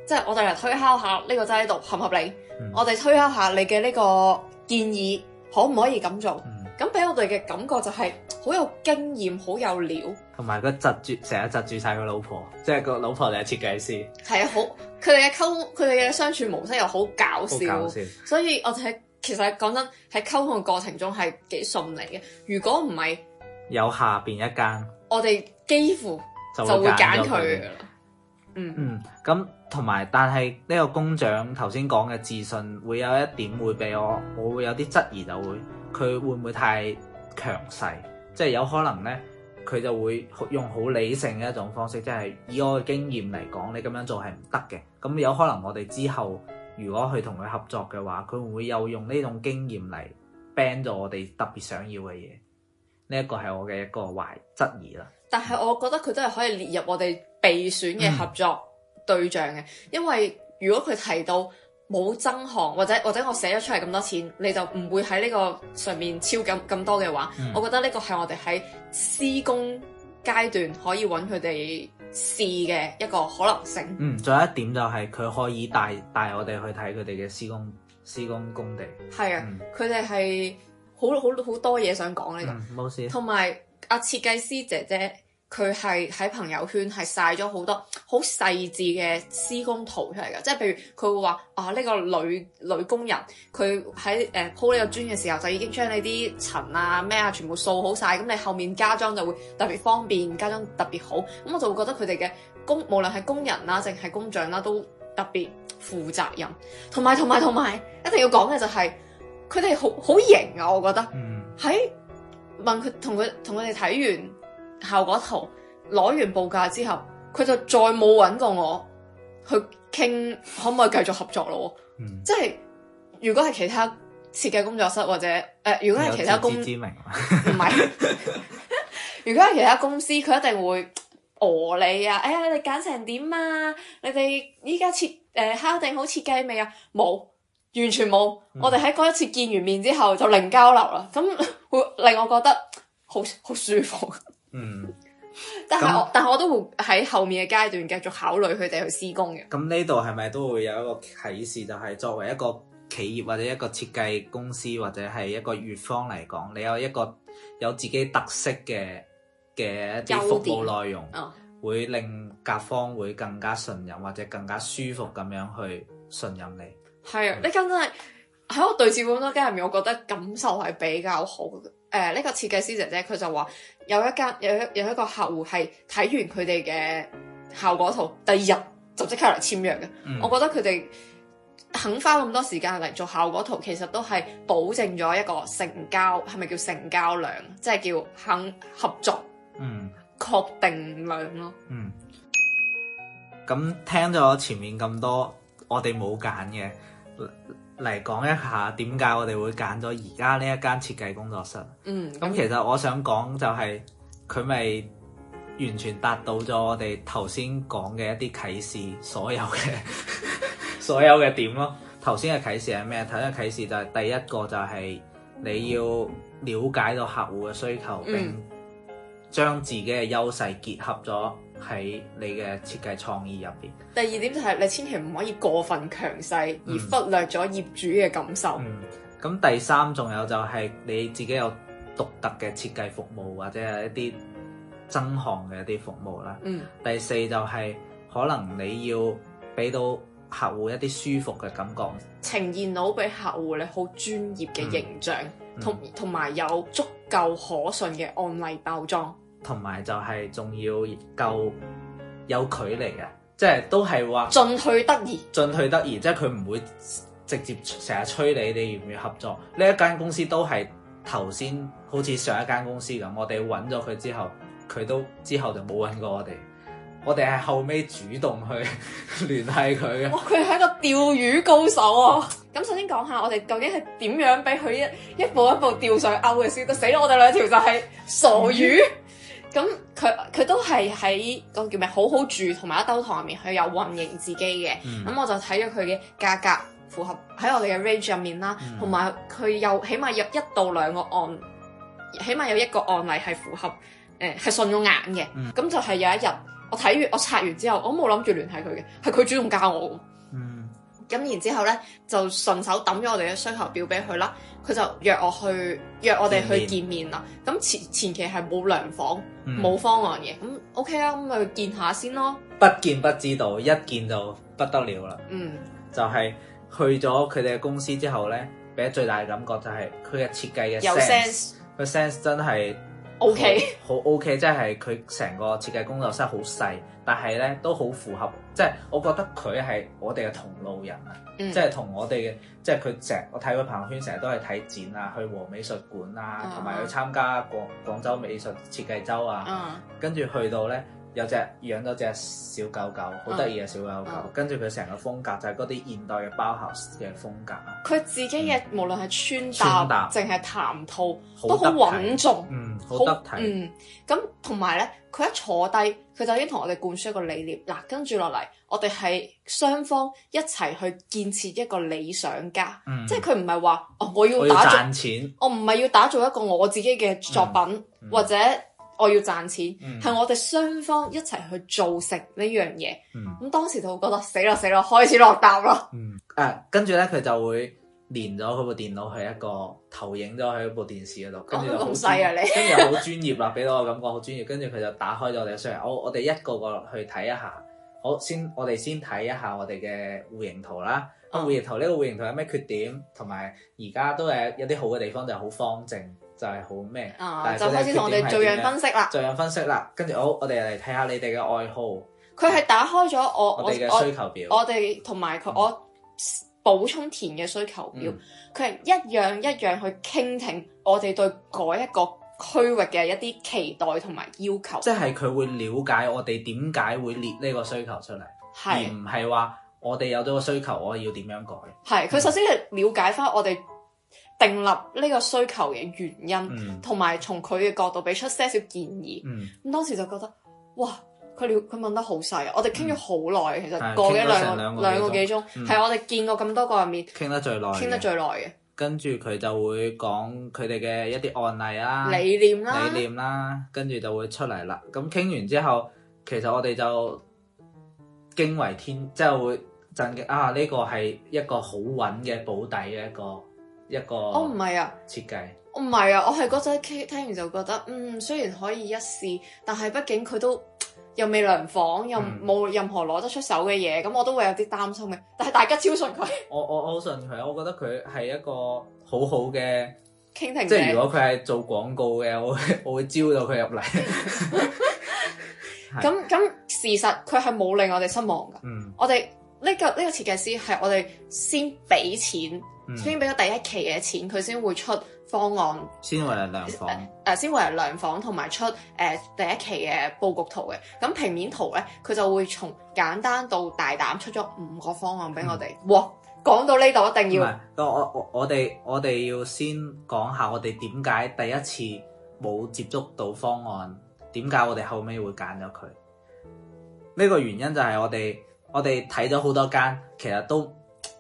即係我哋嚟推敲下呢個制度合唔合理？嗯、我哋推敲下你嘅呢個建議，可唔可以咁做？咁俾、嗯、我哋嘅感覺就係好有經驗，好有料，同埋個窒住，成日窒住晒個老婆，即係個老婆嚟嘅設計師，係啊，好佢哋嘅溝佢哋嘅相處模式又好搞笑，搞笑，所以我哋其實講真喺溝通嘅過程中係幾順利嘅。如果唔係有下邊一間，我哋幾乎。就會揀佢。嗯嗯，咁同埋，但係呢個工長頭先講嘅自信，會有一點會俾我，我會有啲質疑，就會佢會唔會太強勢？即係有可能呢，佢就會用好理性嘅一種方式，即係以我嘅經驗嚟講，你咁樣做係唔得嘅。咁有可能我哋之後如果去同佢合作嘅話，佢會唔會又用呢種經驗嚟 ban 咗我哋特別想要嘅嘢？呢一個係我嘅一個懷質疑啦。但係，我覺得佢都係可以列入我哋備選嘅合作對象嘅，嗯、因為如果佢提到冇增項，或者或者我寫咗出嚟咁多錢，你就唔會喺呢個上面超咁咁多嘅話，嗯、我覺得呢個係我哋喺施工階段可以揾佢哋試嘅一個可能性。嗯，仲有一點就係佢可以帶帶我哋去睇佢哋嘅施工施工工地。係啊、嗯，佢哋係好好好多嘢想講呢度。冇、嗯、冇事，同埋。阿設計師姐姐佢係喺朋友圈係晒咗好多好細緻嘅施工圖出嚟嘅，即係譬如佢會話啊呢、這個女女工人，佢喺誒鋪呢個磚嘅時候就已經將呢啲塵啊咩啊全部掃好晒，咁你後面加裝就會特別方便，加裝特別好。咁我就會覺得佢哋嘅工，無論係工人啦，啊，定係工匠啦，啊，都特別負責任。同埋同埋同埋，一定要講嘅就係佢哋好好型啊！我覺得喺。嗯問佢同佢同佢哋睇完效果圖，攞完報價之後，佢就再冇搵過我去傾可唔可以繼續合作咯。嗯、即係如果係其他設計工作室或者誒、呃，如果係其他公，唔係， 不是 如果係其他公司，佢一定會訛你啊！哎呀，你哋揀成點啊？你哋依家設誒、呃、敲定好設計未啊？冇。完全冇，嗯、我哋喺嗰一次見完面之後就零交流啦。咁會令我覺得好好舒服。嗯，但係我那但係我都會喺後面嘅階段繼續考慮佢哋去施工嘅。咁呢度係咪都會有一個啟示？就係作為一個企業或者一個設計公司或者係一個乙方嚟講，你有一個有自己特色嘅嘅一啲服務內容，嗯、會令甲方會更加信任或者更加舒服咁樣去信任你。係啊，呢間真係喺我對照咁多間入面，我覺得感受係比較好。誒、呃，呢、呢個設計師姐姐佢就話有一間有一有一個客戶係睇完佢哋嘅效果圖，第二日就即刻嚟簽約嘅。嗯、我覺得佢哋肯花咁多時間嚟做效果圖，其實都係保證咗一個成交，係咪叫成交量？即、就、係、係、叫肯合作、確定量咯、嗯。嗯。咁聽咗前面咁多，我哋冇揀嘅。嚟講一下點解我哋會揀咗而家呢一間設計工作室。嗯，咁其實我想講就係佢咪完全達到咗我哋頭先講嘅一啲啟示，所有嘅所有嘅點咯。頭先嘅啟示係咩？頭先嘅啟示就係、是、第一個就係你要了解到客戶嘅需求，嗯、並。將自己嘅優勢結合咗喺你嘅設計創意入邊。第二點就係你千祈唔可以過分強勢而忽略咗業主嘅感受。嗯，咁、嗯、第三仲有就係你自己有獨特嘅設計服務或者係一啲增項嘅一啲服務啦。嗯，第四就係可能你要俾到客戶一啲舒服嘅感覺，呈現到俾客戶你好專業嘅形象。嗯同同埋有足夠可信嘅案例包裝，同埋就係仲要夠有距離嘅，即係都係話進退得宜。進退得宜，即係佢唔會直接成日催你，你要唔要合作？呢、嗯、一間公司都係頭先好似上一間公司咁，我哋揾咗佢之後，佢都之後就冇揾過我哋。我哋係後尾主動去聯繫佢嘅，哇！佢係一個釣魚高手啊！咁 首先講下，我哋究竟係點樣俾佢一一步一步釣上勾嘅先？都死咯！我哋兩條就係傻魚。咁佢佢都係喺個叫咩好好住同埋一兜糖入面，佢有運營自己嘅。咁、嗯、我就睇咗佢嘅價格符合喺我哋嘅 range 入面啦，同埋佢又起碼有一到兩個案，起碼有一個案例係符合誒係順咗眼嘅。咁、嗯、就係有一日。我睇完，我拆完之後，我冇諗住聯繫佢嘅，係佢主動加我。嗯。咁然之後咧，就順手抌咗我哋嘅需求表俾佢啦。佢就約我去，約我哋去見面啦。咁面前前期係冇量房、冇、嗯、方案嘅。咁 O K 啊，咁咪見下先咯。不見不知道，一見就不得了啦。嗯。就係去咗佢哋嘅公司之後咧，俾最大嘅感覺就係佢嘅設計嘅有 sense，個 sense 真係。O Okay ? K，好，好 OK，即係佢成個設計工作室好細，但係咧都好符合，即係我覺得佢係我哋嘅同路人啊、嗯，即係同我哋嘅，即係佢成，我睇佢朋友圈成日都係睇展啊，去和美術館啊，同埋、uh huh. 去參加廣廣州美術設計周啊，uh huh. 跟住去到咧。有隻養咗隻小狗狗，好得意嘅小狗狗。嗯、跟住佢成個風格就係嗰啲現代嘅包豪嘅風格。佢自己嘅、嗯、無論係穿搭，淨係搭談吐好都好穩重。嗯，好得體。嗯，咁同埋咧，佢一坐低，佢就已經同我哋灌輸一個理念。嗱，跟住落嚟，我哋係雙方一齊去建設一個理想家。嗯、即係佢唔係話哦，我要打造，我唔係要打造一個我自己嘅作品、嗯、或者。我要賺錢，係、嗯、我哋雙方一齊去做成呢樣嘢。咁、嗯、當時就會覺得死咯死咯，開始落答啦。誒、嗯，跟住咧佢就會連咗佢部電腦喺一個投影咗喺部電視嗰度，跟住好犀啊你，跟住好專業啦，俾到我感覺好專業。跟住佢就打開咗我哋嘅商，我我哋一個個去睇一下。好，先，我哋先睇一下我哋嘅戶型圖啦。個戶、啊、型圖呢、呢個戶型圖有咩缺點，同埋而家都係有啲好嘅地方就係、是、好方正。就係好咩？就開始同我哋做樣分析啦。做樣分析啦，跟住好，我哋嚟睇下你哋嘅愛好。佢係打開咗我我哋嘅需求表，我哋同埋佢我補充填嘅需求表，佢係一樣一樣去傾聽我哋對嗰一個區域嘅一啲期待同埋要求。即係佢會了解我哋點解會列呢個需求出嚟，而唔係話我哋有咗個需求，我要點樣改。係佢首先係了解翻我哋。定立呢個需求嘅原因，嗯、同埋從佢嘅角度俾出些少建議。咁、嗯、當時就覺得，哇！佢聊佢問得好細，我哋傾咗好耐。嗯、其實過咗兩個幾個兩個幾鐘，係、嗯、我哋見過咁多個入面，傾得最耐，傾得最耐嘅。跟住佢就會講佢哋嘅一啲案例啦、理念啦、理念啦，理念啦，跟住就會出嚟啦。咁傾完之後，其實我哋就驚為天，即係會震驚啊！呢、啊呢個係一個好穩嘅保底嘅一個。一個、哦，我唔係啊，設計，我唔係啊，我係嗰陣聽完就覺得，嗯，雖然可以一試，但係畢竟佢都又未量房，又冇任何攞得出手嘅嘢，咁、嗯、我都會有啲擔心嘅。但係大家超信佢，我我好信佢啊！我覺得佢係一個好好嘅傾聽者，即係如果佢係做廣告嘅，我會我會招到佢入嚟。咁咁事實佢係冇令我哋失望㗎。嗯，我哋。呢、這個呢、這個設計師係我哋先俾錢，嗯、先俾咗第一期嘅錢，佢先會出方案，先會嚟量量房，誒、呃、先會嚟量房同埋出誒、呃、第一期嘅佈局圖嘅。咁平面圖咧，佢就會從簡單到大膽出咗五個方案俾我哋。嗯、哇！講到呢度一定要，嗯、我我我哋我哋要先講下我哋點解第一次冇接觸到方案，點解我哋後尾會揀咗佢？呢、這個原因就係我哋。我哋睇咗好多間，其實都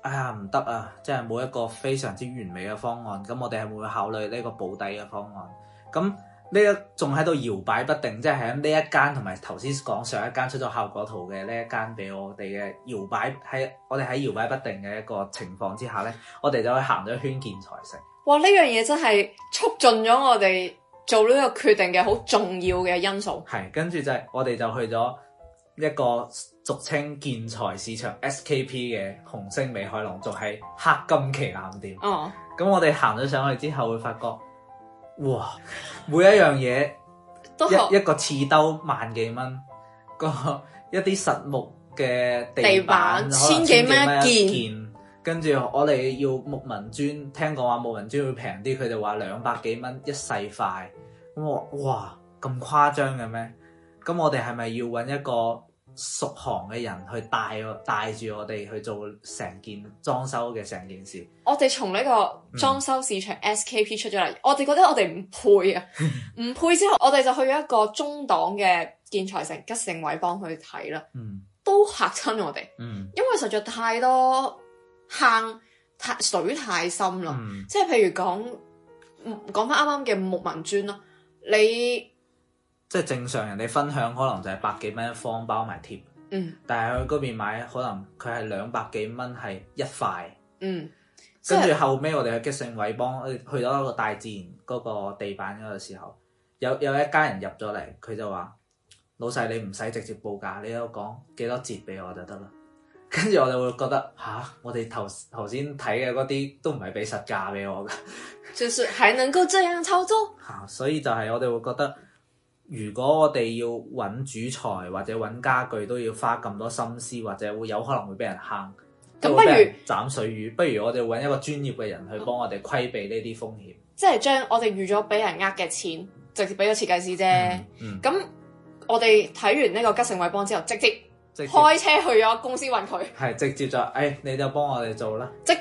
哎呀唔得啊，即係冇一個非常之完美嘅方案。咁我哋係會考慮呢個保底嘅方案。咁呢一仲喺度搖擺不定，即係喺呢一間同埋頭先講上一間出咗效果圖嘅呢一間俾我哋嘅搖擺，喺我哋喺搖擺不定嘅一個情況之下呢，我哋就去行咗圈建材城。哇！呢樣嘢真係促進咗我哋做呢個決定嘅好重要嘅因素。係，跟住就係我哋就去咗一個。俗稱建材市場 SKP 嘅紅星美凱龍，仲係黑金旗艦店。哦，咁我哋行咗上去之後，會發覺，哇，每一樣嘢都學，一個一個刺兜萬幾蚊，一個一啲實木嘅地板，地板千幾蚊一件，跟住我哋要木紋磚，聽講話木紋磚會平啲，佢哋話兩百幾蚊一細塊。咁我話哇咁誇張嘅咩？咁我哋係咪要揾一個？熟行嘅人去帶我帶住我哋去做成件裝修嘅成件事。我哋從呢個裝修市場 SKP 出咗嚟，嗯、我哋覺得我哋唔配啊，唔 配之後，我哋就去咗一個中檔嘅建材城吉盛偉邦幫佢睇啦，嗯、都嚇親我哋，嗯、因為實在太多坑，太水太深啦。嗯、即係譬如講，講翻啱啱嘅木紋磚啦，你。即係正常，人哋分享可能就係百幾蚊一方包，包埋貼。嗯。但係去嗰邊買，可能佢係兩百幾蚊係一塊。嗯。跟住後尾我哋去吉盛偉邦去到個大自然嗰個地板嗰個時候，有有一家人入咗嚟，佢就話：老細，你唔使直接報價，你有講幾多折俾我就得啦。跟住我哋會覺得吓、啊，我哋頭頭先睇嘅嗰啲都唔係俾實價俾我㗎。就是還能夠這樣操作。嚇！ 所以就係我哋會覺得。如果我哋要揾主材或者揾家具，都要花咁多心思，或者會有可能會俾人坑，咁不如斬水魚，不如我哋揾一個專業嘅人去幫我哋規避呢啲風險，即係將我哋預咗俾人呃嘅錢直接俾咗設計師啫。咁、嗯嗯、我哋睇完呢個吉盛偉邦之後，直接，直接開車去咗公司揾佢，係直接就誒、哎，你就幫我哋做啦，即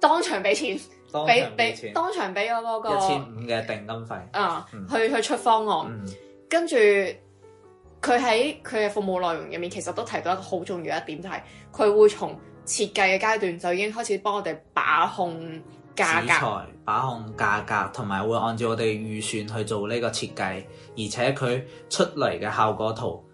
當場俾錢，當場俾給錢當場俾咗嗰個一千五嘅定金費，啊、嗯嗯，去去出方案。嗯跟住佢喺佢嘅服務內容入面，其實都提到一個好重要一點，就係佢會從設計嘅階段就已經開始幫我哋把控價格，把控價格，同埋會按照我哋預算去做呢個設計，而且佢出嚟嘅效果圖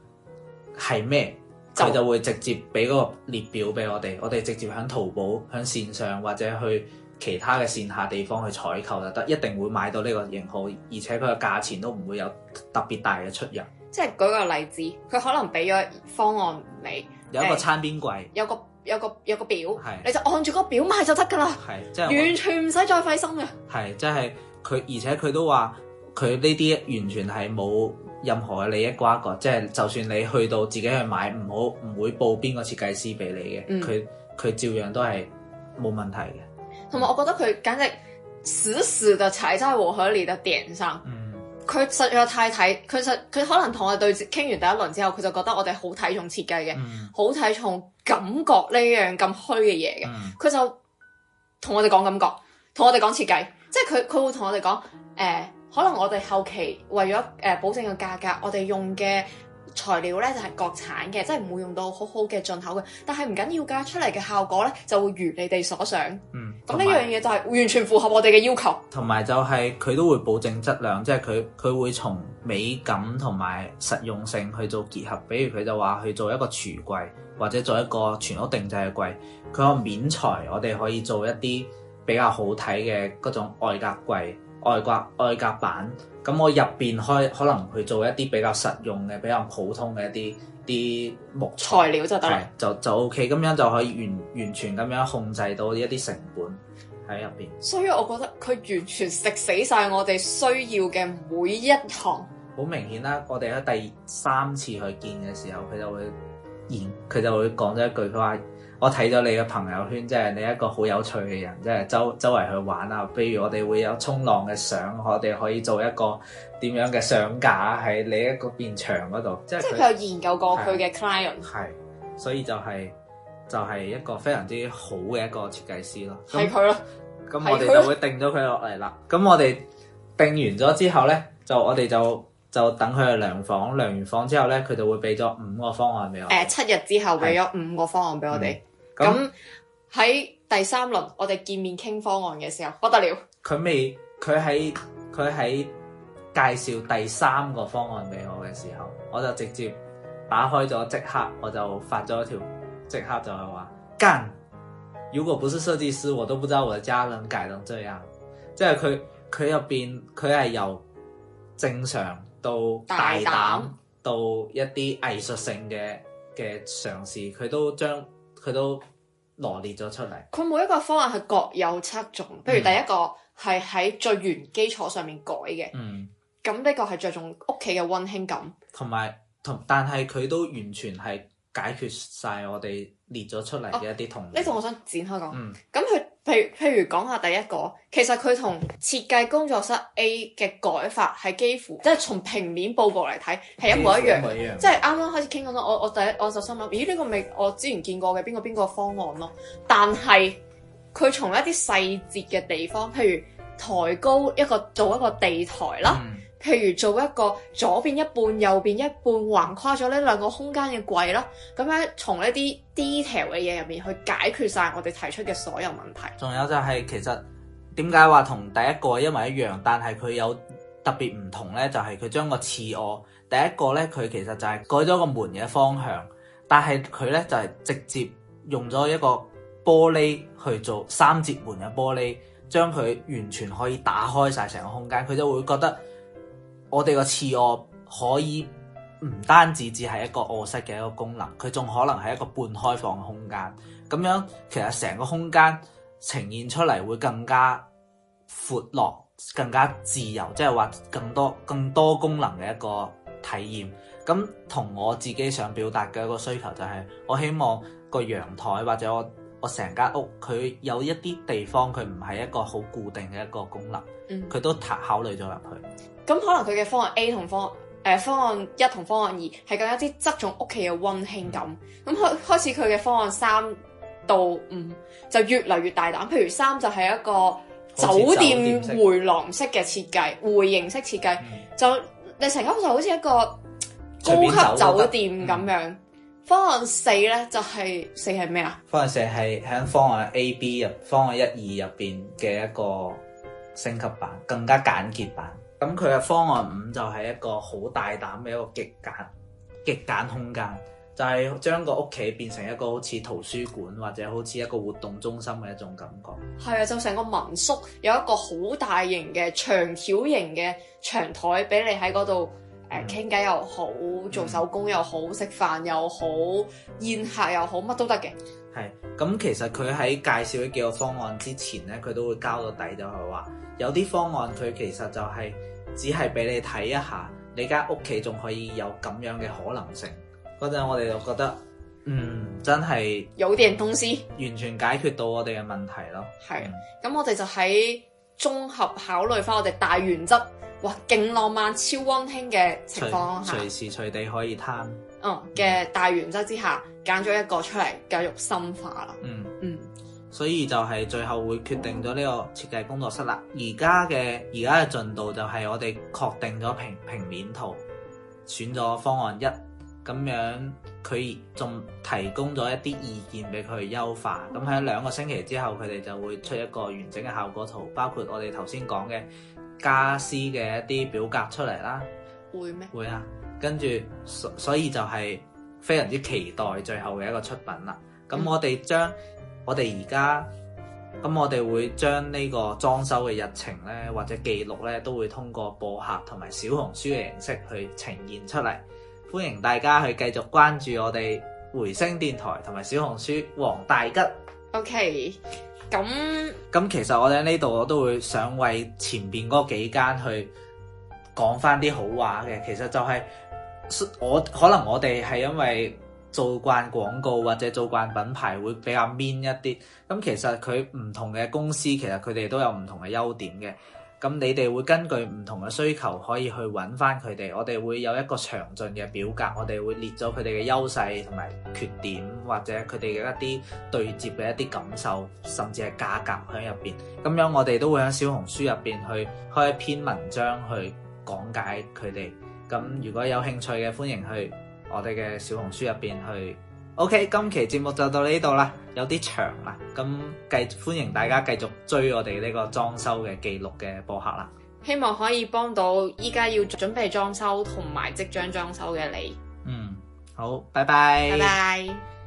係咩，佢就會直接俾嗰個列表俾我哋，我哋直接喺淘寶、喺線上或者去其他嘅線下地方去採購就得，一定會買到呢個型號，而且佢嘅價錢都唔會有特別大嘅出入。即係舉個例子，佢可能俾咗方案你，有一個餐邊櫃，有個有個有個錶，係，你就按住個錶買就得噶啦，係即係完全唔使再費心嘅。係，即係佢，而且佢都話佢呢啲完全係冇任何嘅利益瓜葛，即係就算你去到自己去買，唔好唔會報邊個設計師俾你嘅，佢佢、嗯、照樣都係冇問題嘅。同埋，我覺得佢簡直死死地踩在和合利嘅點上。佢、嗯、實在太睇，佢實佢可能同我哋對接傾完第一輪之後，佢就覺得我哋好睇重設計嘅，嗯、好睇重感覺呢樣咁虛嘅嘢嘅。佢、嗯、就同我哋講感覺，同我哋講設計，即係佢佢會同我哋講誒、呃，可能我哋後期為咗誒、呃、保證個價格，我哋用嘅。材料咧就係、是、國產嘅，即係唔會用到好好嘅進口嘅，但係唔緊要噶，出嚟嘅效果咧就會如你哋所想。嗯，咁呢樣嘢就係完全符合我哋嘅要求。同埋就係佢都會保證質量，即係佢佢會從美感同埋實用性去做結合。比如佢就話去做一個廚櫃，或者做一個全屋定制嘅櫃，佢個面材，我哋可以做一啲比較好睇嘅嗰種外格櫃、外格外格板。咁我入邊可以可能去做一啲比較實用嘅、比較普通嘅一啲啲木材，材料就得，係就就 OK，咁樣就可以完完全咁樣控制到一啲成本喺入邊，所以我覺得佢完全食死晒我哋需要嘅每一項。好明顯啦，我哋喺第三次去見嘅時候，佢就會言佢就會講咗一句，佢話。我睇咗你嘅朋友圈，即係你是一個好有趣嘅人，即係周周圍去玩啊。譬如我哋會有衝浪嘅相，我哋可以做一個點樣嘅相架喺你一個邊牆嗰度。即係佢有研究過佢嘅 client。係，所以就係、是、就係、是、一個非常之好嘅一個設計師咯。係佢咯。咁我哋就會定咗佢落嚟啦。咁我哋定完咗之後呢，就我哋就就等佢去量房，量完房之後呢，佢就會俾咗五個方案俾我。誒、呃，七日之後俾咗五個方案俾我哋。是嗯咁喺第三輪我哋見面傾方案嘅時候，不得了。佢未佢喺佢喺介紹第三個方案俾我嘅時候，我就直接打開咗即刻，我就發咗條即刻就係話跟。如果不是設計師，我都不知道我的家能改成這樣。即係佢佢入邊佢係由正常到大膽到一啲藝術性嘅嘅嘗試，佢都將。佢都羅列咗出嚟，佢每一個方案係各有側重，譬如第一個係喺最原基礎上面改嘅，咁呢、嗯、個係着重屋企嘅溫馨感，同埋同，但係佢都完全係解決晒我哋列咗出嚟嘅一啲痛，呢度、哦這個、我想展開講，咁佢、嗯。譬如譬如講下第一個，其實佢同設計工作室 A 嘅改法係幾乎，即係從平面佈局嚟睇係一模一樣，即係啱啱開始傾緊，我我第一我就心諗，咦呢個咪我之前見過嘅邊個邊個方案咯？但係佢從一啲細節嘅地方，譬如抬高一個做一個地台啦。嗯譬如做一個左邊一半、右邊一半，橫跨咗呢兩個空間嘅櫃咯，咁樣從呢啲 detail 嘅嘢入面去解決晒我哋提出嘅所有問題。仲有就係、是、其實點解話同第一個因為一樣，但係佢有特別唔同咧，就係佢將個次卧第一個咧，佢其實就係改咗個門嘅方向，但係佢咧就係、是、直接用咗一個玻璃去做三節門嘅玻璃，將佢完全可以打開晒成個空間，佢就會覺得。我哋個次臥可以唔單止只係一個臥室嘅一個功能，佢仲可能係一個半開放嘅空間。咁樣其實成個空間呈現出嚟會更加闊落、更加自由，即係話更多更多功能嘅一個體驗。咁同我自己想表達嘅一個需求就係，我希望個陽台或者我我成間屋佢有一啲地方佢唔係一個好固定嘅一個功能，佢都考考慮咗入去。咁可能佢嘅方案 A 同方案誒、呃、方案一，同方案二係更加之側重屋企嘅溫馨感。咁開、嗯、開始佢嘅方案三到五就越嚟越大膽，譬如三就係一個酒店回廊式嘅設計，回形式設計，嗯、就你成間屋就好似一個高級酒店咁樣，嗯、方案四咧就係四係咩啊？方案四係響方案 A、B 入、嗯、方案一、二入邊嘅一個升級版，更加簡潔版。咁佢嘅方案五就係一個好大膽嘅一個極簡極簡空間，就係、是、將個屋企變成一個好似圖書館或者好似一個活動中心嘅一種感覺。係啊，就成個民宿有一個好大型嘅長條形嘅長台俾你喺嗰度誒傾偈又好，做手工又好，食飯又好，宴客又好，乜都得嘅。係咁其實，佢喺介紹呢幾個方案之前咧，佢都會交個底就，就係話有啲方案佢其實就係、是。只係俾你睇一下，你間屋企仲可以有咁樣嘅可能性。嗰陣我哋就覺得，嗯，真係有電通司完全解決到我哋嘅問題咯。係，咁我哋就喺綜合考慮翻，我哋大原則，哇，勁浪漫超溫馨嘅情況下，隨時隨地可以攤。嗯嘅大原則之下，揀咗一個出嚟繼續深化啦。嗯嗯。嗯所以就係最後會決定咗呢個設計工作室啦。而家嘅而家嘅進度就係我哋確定咗平平面圖，選咗方案一咁樣，佢仲提供咗一啲意見俾佢優化。咁喺兩個星期之後，佢哋就會出一個完整嘅效果圖，包括我哋頭先講嘅家私嘅一啲表格出嚟啦。會咩嗎？會啊。跟住，所以就係非常之期待最後嘅一個出品啦。咁我哋將。嗯我哋而家咁，我哋會將呢個裝修嘅日程呢，或者記錄呢，都會通過播客同埋小紅書嘅形式去呈現出嚟。歡迎大家去繼續關注我哋回聲電台同埋小紅書黃大吉。OK，咁咁其實我哋喺呢度，我都會想為前邊嗰幾間去講翻啲好話嘅。其實就係，是，我可能我哋係因為。做慣廣告或者做慣品牌會比較 mean 一啲，咁其實佢唔同嘅公司其實佢哋都有唔同嘅優點嘅，咁你哋會根據唔同嘅需求可以去揾翻佢哋，我哋會有一個詳盡嘅表格，我哋會列咗佢哋嘅優勢同埋缺點，或者佢哋嘅一啲對接嘅一啲感受，甚至係價格喺入邊，咁樣我哋都會喺小紅書入邊去開一篇文章去講解佢哋，咁如果有興趣嘅歡迎去，我哋嘅小紅書入邊去，OK，今期節目就到呢度啦，有啲長啦，咁繼歡迎大家繼續追我哋呢個裝修嘅記錄嘅播客啦，希望可以幫到依家要準備裝修同埋即將裝修嘅你，嗯，好，拜拜，拜拜。